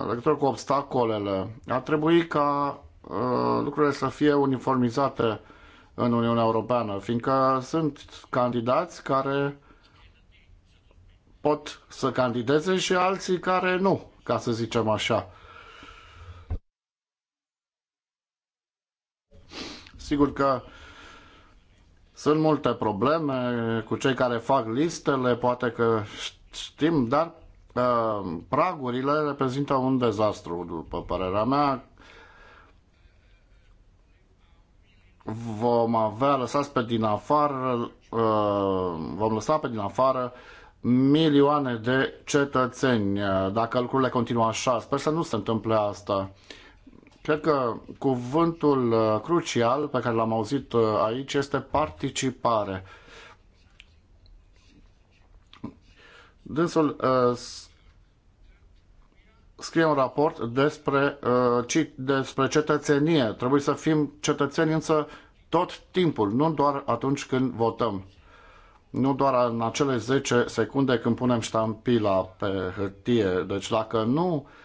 în legătură cu obstacolele, ar trebui ca uh, lucrurile să fie uniformizate în Uniunea Europeană, fiindcă sunt candidați care pot să candideze și alții care nu, ca să zicem așa. Sigur că sunt multe probleme cu cei care fac listele, poate că știm, dar uh, pragurile reprezintă un dezastru, după părerea mea. Vom avea lăsați pe din afară, uh, vom lăsa pe din afară milioane de cetățeni dacă lucrurile continuă așa. Sper să nu se întâmple asta. Uh, Cred că cuvântul uh, crucial pe care l-am auzit uh, aici este participare. Dânsul uh, scrie un raport despre, ci, despre cetățenie. Trebuie să fim cetățeni însă tot timpul, nu doar atunci când votăm. Nu doar în acele 10 secunde când punem ștampila pe hârtie. Deci dacă nu uh,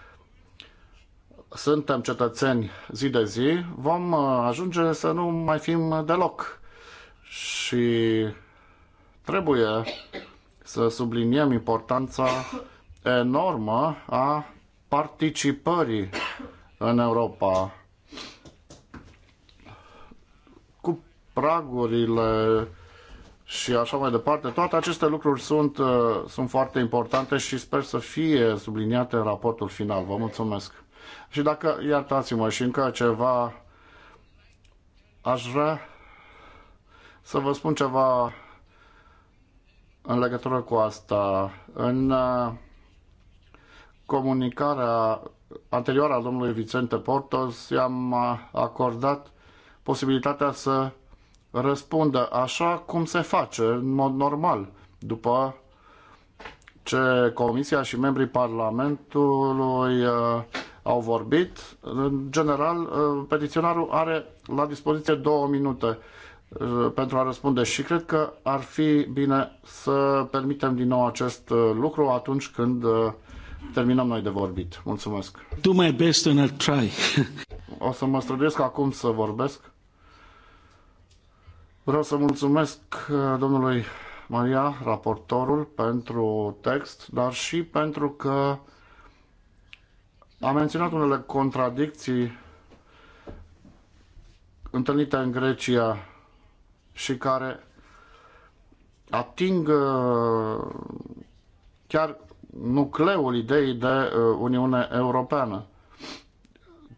suntem cetățeni zi de zi, vom uh, ajunge să nu mai fim deloc. Și trebuie să subliniem importanța enormă a participării în Europa cu pragurile și așa mai departe. Toate aceste lucruri sunt, uh, sunt foarte importante și sper să fie subliniate în raportul final. Vă mulțumesc! Și dacă, iertați-mă, și încă ceva, aș vrea să vă spun ceva în legătură cu asta. În uh, comunicarea anterioară a domnului Vicente Portos i-am uh, acordat posibilitatea să răspundă așa cum se face, în mod normal, după ce Comisia și membrii Parlamentului uh, au vorbit. În general, uh, petiționarul are la dispoziție două minute uh, pentru a răspunde și cred că ar fi bine să permitem din nou acest uh, lucru atunci când terminăm noi de vorbit. Mulțumesc. Do my best and I'll try. o să mă străduiesc acum să vorbesc. Vreau să mulțumesc domnului Maria, raportorul, pentru text, dar și pentru că am menționat unele contradicții întâlnite în Grecia și care ating uh, chiar nucleul ideii de uh, Uniune Europeană.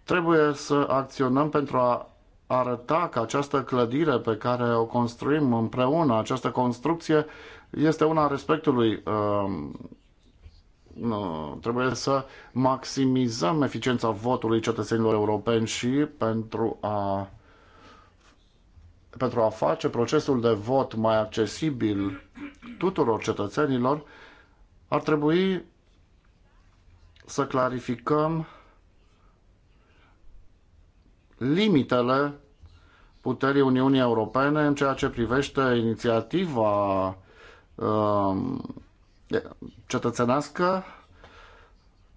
Trebuie să acționăm pentru a arăta că această clădire pe care o construim împreună, această construcție, este una respectului uh, trebuie să maximizăm eficiența votului cetățenilor europeni și pentru a pentru a face procesul de vot mai accesibil tuturor cetățenilor, ar trebui să clarificăm limitele puterii Uniunii Europene în ceea ce privește inițiativa um, cetățenească,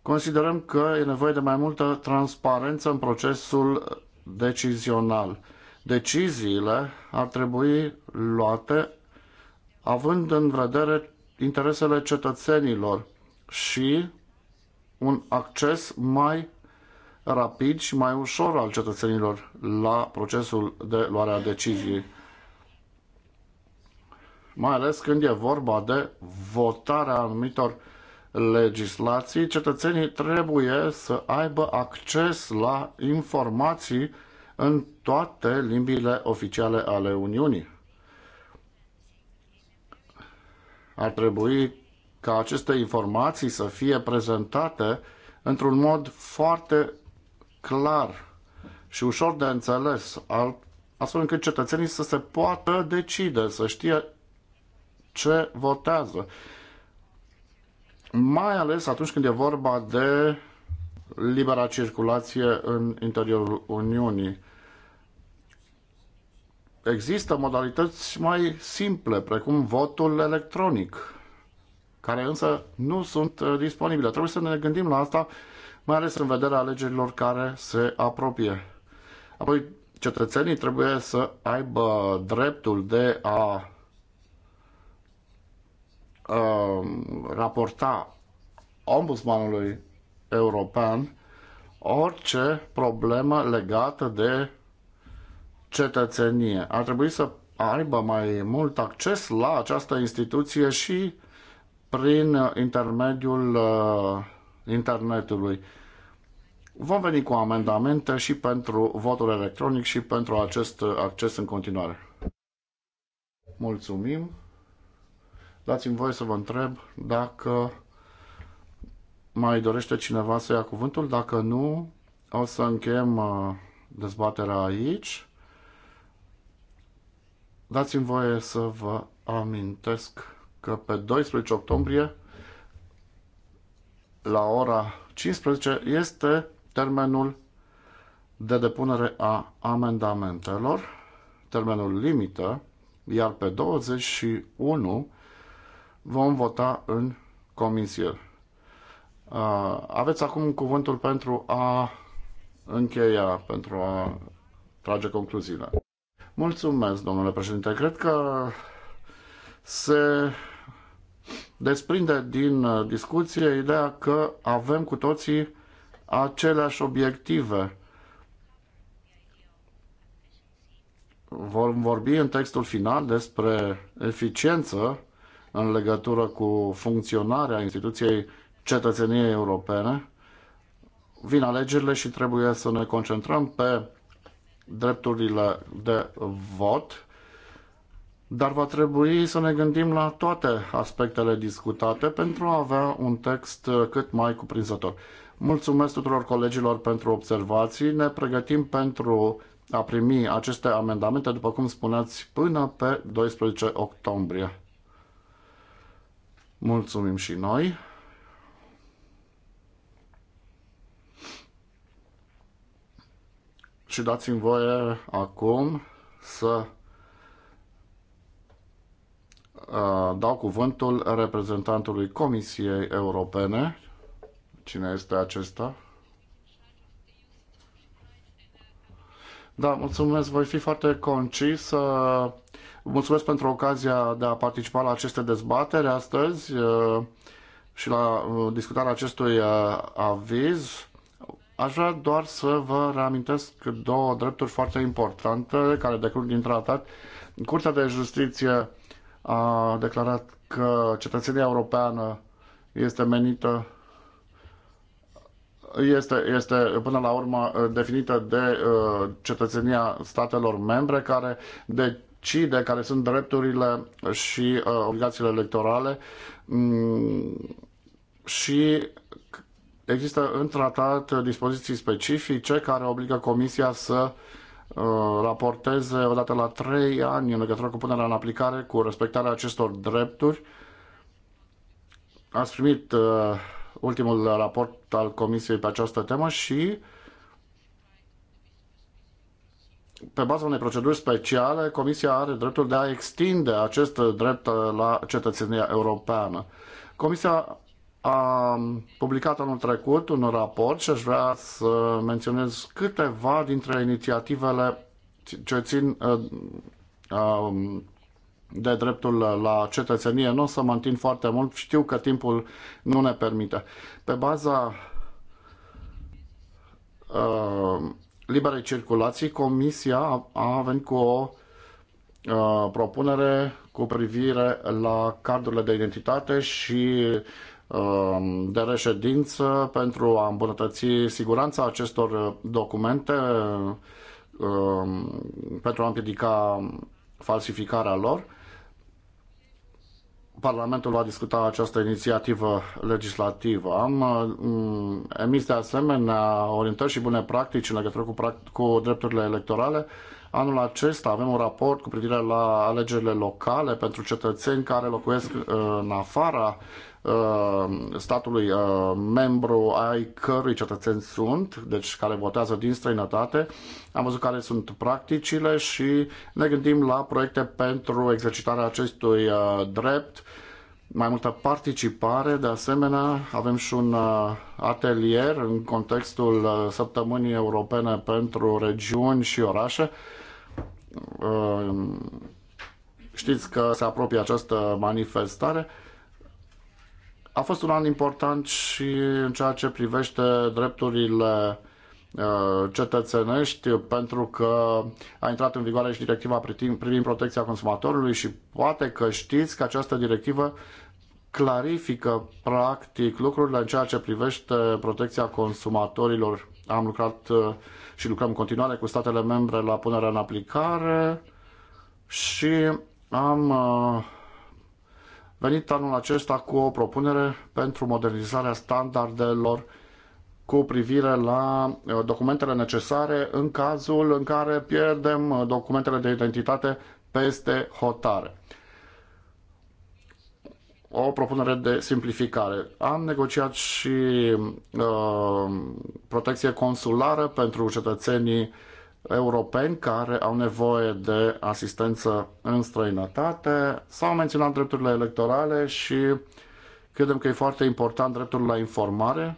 considerăm că e nevoie de mai multă transparență în procesul decizional. Deciziile ar trebui luate având în vedere interesele cetățenilor și un acces mai rapid și mai ușor al cetățenilor la procesul de luare a deciziei mai ales când e vorba de votarea anumitor legislații, cetățenii trebuie să aibă acces la informații în toate limbile oficiale ale Uniunii. Ar trebui ca aceste informații să fie prezentate într-un mod foarte clar și ușor de înțeles, astfel încât cetățenii să se poată decide, să știe ce votează. Mai ales atunci când e vorba de libera circulație în interiorul Uniunii. Există modalități mai simple, precum votul electronic, care însă nu sunt uh, disponibile. Trebuie să ne gândim la asta, mai ales în vederea alegerilor care se apropie. Apoi, cetățenii trebuie să aibă dreptul de a Um, raporta ombudsmanului european orice problemă legată de cetățenie. Ar trebui să aibă mai mult acces la această instituție și prin intermediul uh, internetului. Vom veni cu amendamente și pentru votul electronic și pentru acest acces în continuare. Mulțumim! Dați-mi voie să vă întreb dacă mai dorește cineva să ia cuvântul. Dacă nu, o să încheiem uh, dezbaterea aici. Dați-mi voie să vă amintesc că pe 12 octombrie la ora 15 este termenul de depunere a amendamentelor, termenul limită, iar pe 21 vom vota în comisie. Uh, aveți acum cuvântul pentru a încheia, pentru a trage concluziile. Mulțumesc, domnule președinte. Cred că se desprinde din uh, discuție ideea că avem cu toții aceleași obiective. Vom vorbi în textul final despre eficiență în legătură cu funcționarea instituției cetățeniei europene. Vin alegerile și trebuie să ne concentrăm pe drepturile de vot, dar va trebui să ne gândim la toate aspectele discutate pentru a avea un text cât mai cuprinzător. Mulțumesc tuturor colegilor pentru observații. Ne pregătim pentru a primi aceste amendamente, după cum spuneați, până pe 12 octombrie. Mulțumim și noi. Și dați-mi voie acum să dau cuvântul reprezentantului Comisiei Europene. Cine este acesta? Da, mulțumesc, voi fi foarte concis. Uh, mulțumesc pentru ocazia de a participa la aceste dezbatere astăzi uh, și la uh, discutarea acestui aviz. Aș vrea doar să vă reamintesc două drepturi foarte importante care decurg din tratat. Curtea de Justiție a declarat că cetățenia europeană este menită este, este până la urmă uh, definită de uh, cetățenia statelor membre care decide care sunt drepturile și uh, obligațiile electorale mm, și există în tratat dispoziții specifice care obligă Comisia să raporteze odată la trei ani în legătură cu punerea în aplicare, cu respectarea acestor drepturi. Ați primit uh, ultimul raport al Comisiei pe această temă și pe baza unei proceduri speciale, Comisia are dreptul de a extinde acest drept la cetățenia europeană. Comisia a publicat anul trecut un raport și aș vrea să menționez câteva dintre inițiativele ce țin uh, uh, de dreptul la cetățenie. Nu o să mă întind foarte mult, știu că timpul nu ne permite. Pe baza uh, liberei circulații, Comisia a venit cu o uh, propunere cu privire la cardurile de identitate și uh, de reședință pentru a îmbunătăți siguranța acestor documente, uh, pentru a împiedica falsificarea lor. Parlamentul va discuta această inițiativă legislativă. Am uh, emis de asemenea orientări și bune practici în legătură cu, cu drepturile electorale Anul acesta avem un raport cu privire la alegerile locale pentru cetățeni care locuiesc uh, în afara uh, statului uh, membru ai cărui cetățeni sunt, deci care votează din străinătate. Am văzut care sunt practicile și ne gândim la proiecte pentru exercitarea acestui drept, mai multă participare. De asemenea, avem și un atelier în contextul Săptămânii Europene pentru regiuni și orașe știți că se apropie această manifestare. A fost un an important și în ceea ce privește drepturile uh, cetățenești pentru că a intrat în vigoare și directiva privind protecția consumatorului și poate că știți că această directivă clarifică practic lucrurile în ceea ce privește protecția consumatorilor. Am lucrat uh, și lucrăm în continuare cu statele membre la punerea în aplicare și am uh, venit anul acesta cu o propunere pentru modernizarea standardelor cu privire la uh, documentele necesare în cazul în care pierdem documentele de identitate peste hotare o propunere de simplificare. Am negociat și uh, protecție consulară pentru cetățenii europeni care au nevoie de asistență în străinătate. S-au menționat drepturile electorale și credem că e foarte important dreptul la informare.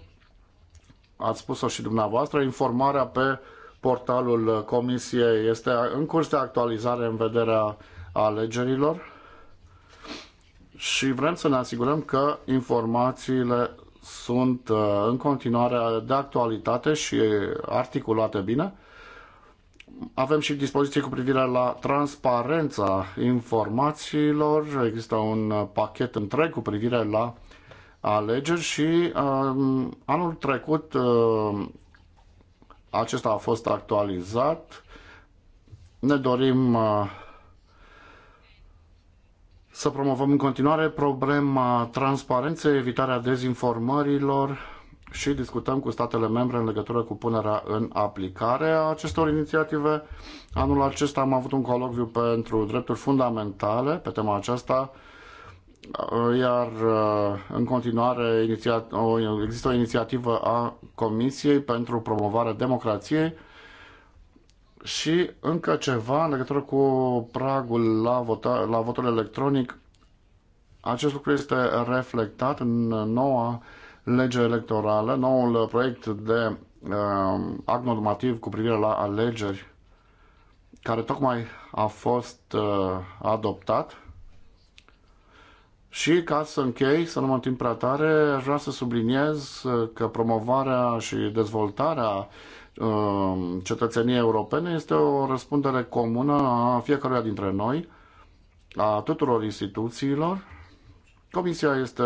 Ați spus-o și dumneavoastră, informarea pe portalul Comisiei este în curs de actualizare în vederea alegerilor și vrem să ne asigurăm că informațiile sunt uh, în continuare de actualitate și articulate bine. Avem și dispoziții cu privire la transparența informațiilor. Există un uh, pachet întreg cu privire la alegeri și um, anul trecut uh, acesta a fost actualizat. Ne dorim uh, să promovăm în continuare problema transparenței, evitarea dezinformărilor și discutăm cu statele membre în legătură cu punerea în aplicare a acestor inițiative. Anul acesta am avut un colocviu pentru drepturi fundamentale pe tema aceasta, iar uh, în continuare există o inițiativă a Comisiei pentru promovarea democrației și încă ceva în legătură cu pragul la, vota, la votul electronic. Acest lucru este reflectat în noua lege electorală, noul proiect de uh, act normativ cu privire la alegeri care tocmai a fost uh, adoptat. Și ca să închei, să nu mă întind prea tare, aș vrea să subliniez uh, că promovarea și dezvoltarea Um, cetățeniei europene este o răspundere comună a fiecăruia dintre noi, a tuturor instituțiilor. Comisia este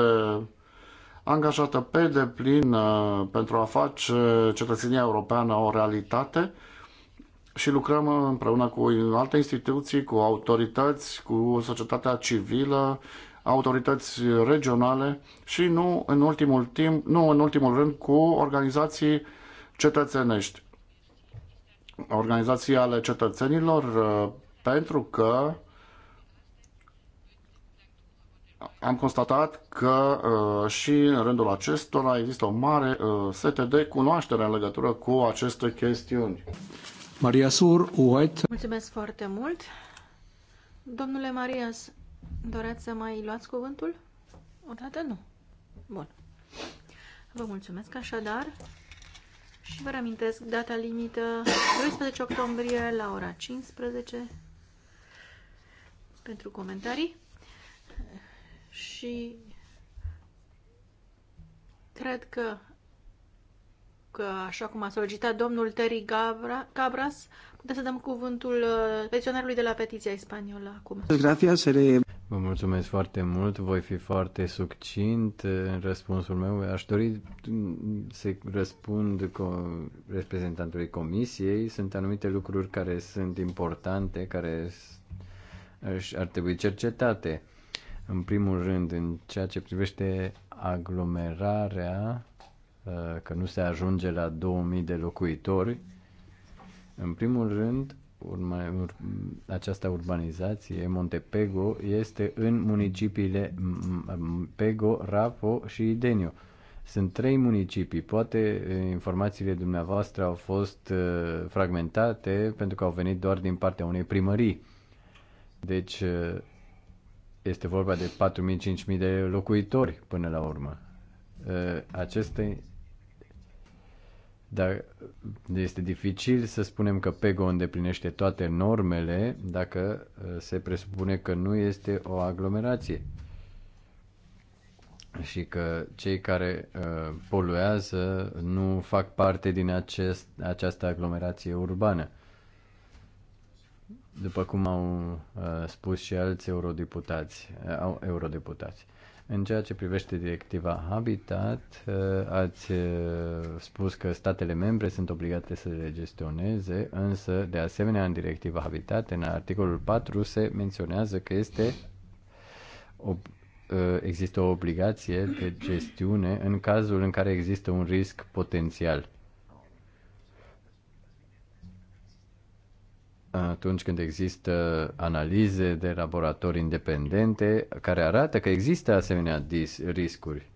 angajată pe deplin uh, pentru a face cetățenia europeană o realitate și lucrăm împreună cu alte instituții, cu autorități, cu societatea civilă, autorități regionale și nu în ultimul timp, nu în ultimul rând cu organizații cetățenești, organizații ale cetățenilor, uh, pentru că am constatat că uh, și în rândul acestora există o mare uh, sete de cunoaștere în legătură cu aceste chestiuni. Maria Sur, White. Mulțumesc foarte mult. Domnule Marias, doreați să mai luați cuvântul? Odată nu. Bun. Vă mulțumesc așadar. Și vă reamintesc data limită 12 octombrie la ora 15 pentru comentarii și cred că că, așa cum a solicitat domnul Terry Gabra, Cabras, puteți să dăm cuvântul uh, petiționarului de la petiția spaniolă acum. Gracias, seré... Vă mulțumesc foarte mult, voi fi foarte succint în răspunsul meu. Aș dori să răspund cu reprezentantului comisiei. Sunt anumite lucruri care sunt importante, care ar trebui cercetate. În primul rând, în ceea ce privește aglomerarea, uh, că nu se ajunge la 2000 de locuitori, în primul rând, urma, ur, această urbanizație, Montepego, este în municipiile Pego, Rapo și Idenio. Sunt trei municipii. Poate informațiile dumneavoastră au fost fragmentate pentru că au venit doar din partea unei primării. Deci este vorba de 4.000-5.000 de locuitori până la urmă. Aceste dar este dificil să spunem că PEGO îndeplinește toate normele dacă uh, se presupune că nu este o aglomerație și că cei care uh, poluează nu fac parte din acest, această aglomerație urbană. După cum au uh, spus și alți eurodeputați, uh, eurodeputați. În ceea ce privește directiva Habitat, eh, ați eh, spus că statele membre sunt obligate să le gestioneze, însă, de asemenea, în directiva Habitat, în articolul 4, se menționează că este eh, există o obligație de gestiune în cazul în care există un risc potențial. atunci când există analize de laboratori independente care arată că există asemenea riscuri.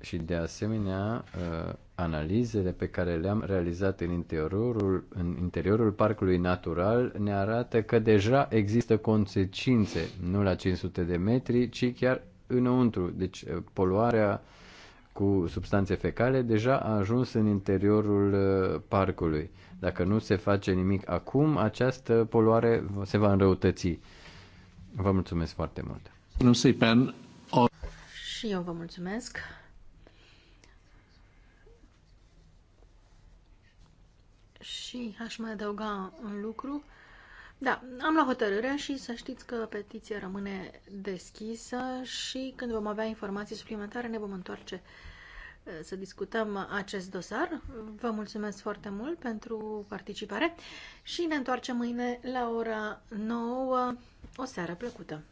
Și de asemenea, uh, analizele pe care le-am realizat în interiorul, în interiorul parcului natural ne arată că deja există consecințe, nu la 500 de metri, ci chiar înăuntru. Deci uh, poluarea uh, cu substanțe fecale deja a ajuns în interiorul uh, parcului. Dacă nu se face nimic acum, această poluare se va înrăutăți. Vă mulțumesc foarte mult. Nu Și eu vă mulțumesc. Și aș mai adăuga un lucru. Da, am luat hotărârea și să știți că petiția rămâne deschisă și când vom avea informații suplimentare ne vom întoarce uh, să discutăm acest dosar. Vă mulțumesc foarte mult pentru participare și ne întoarcem mâine la ora 9. O seară plăcută!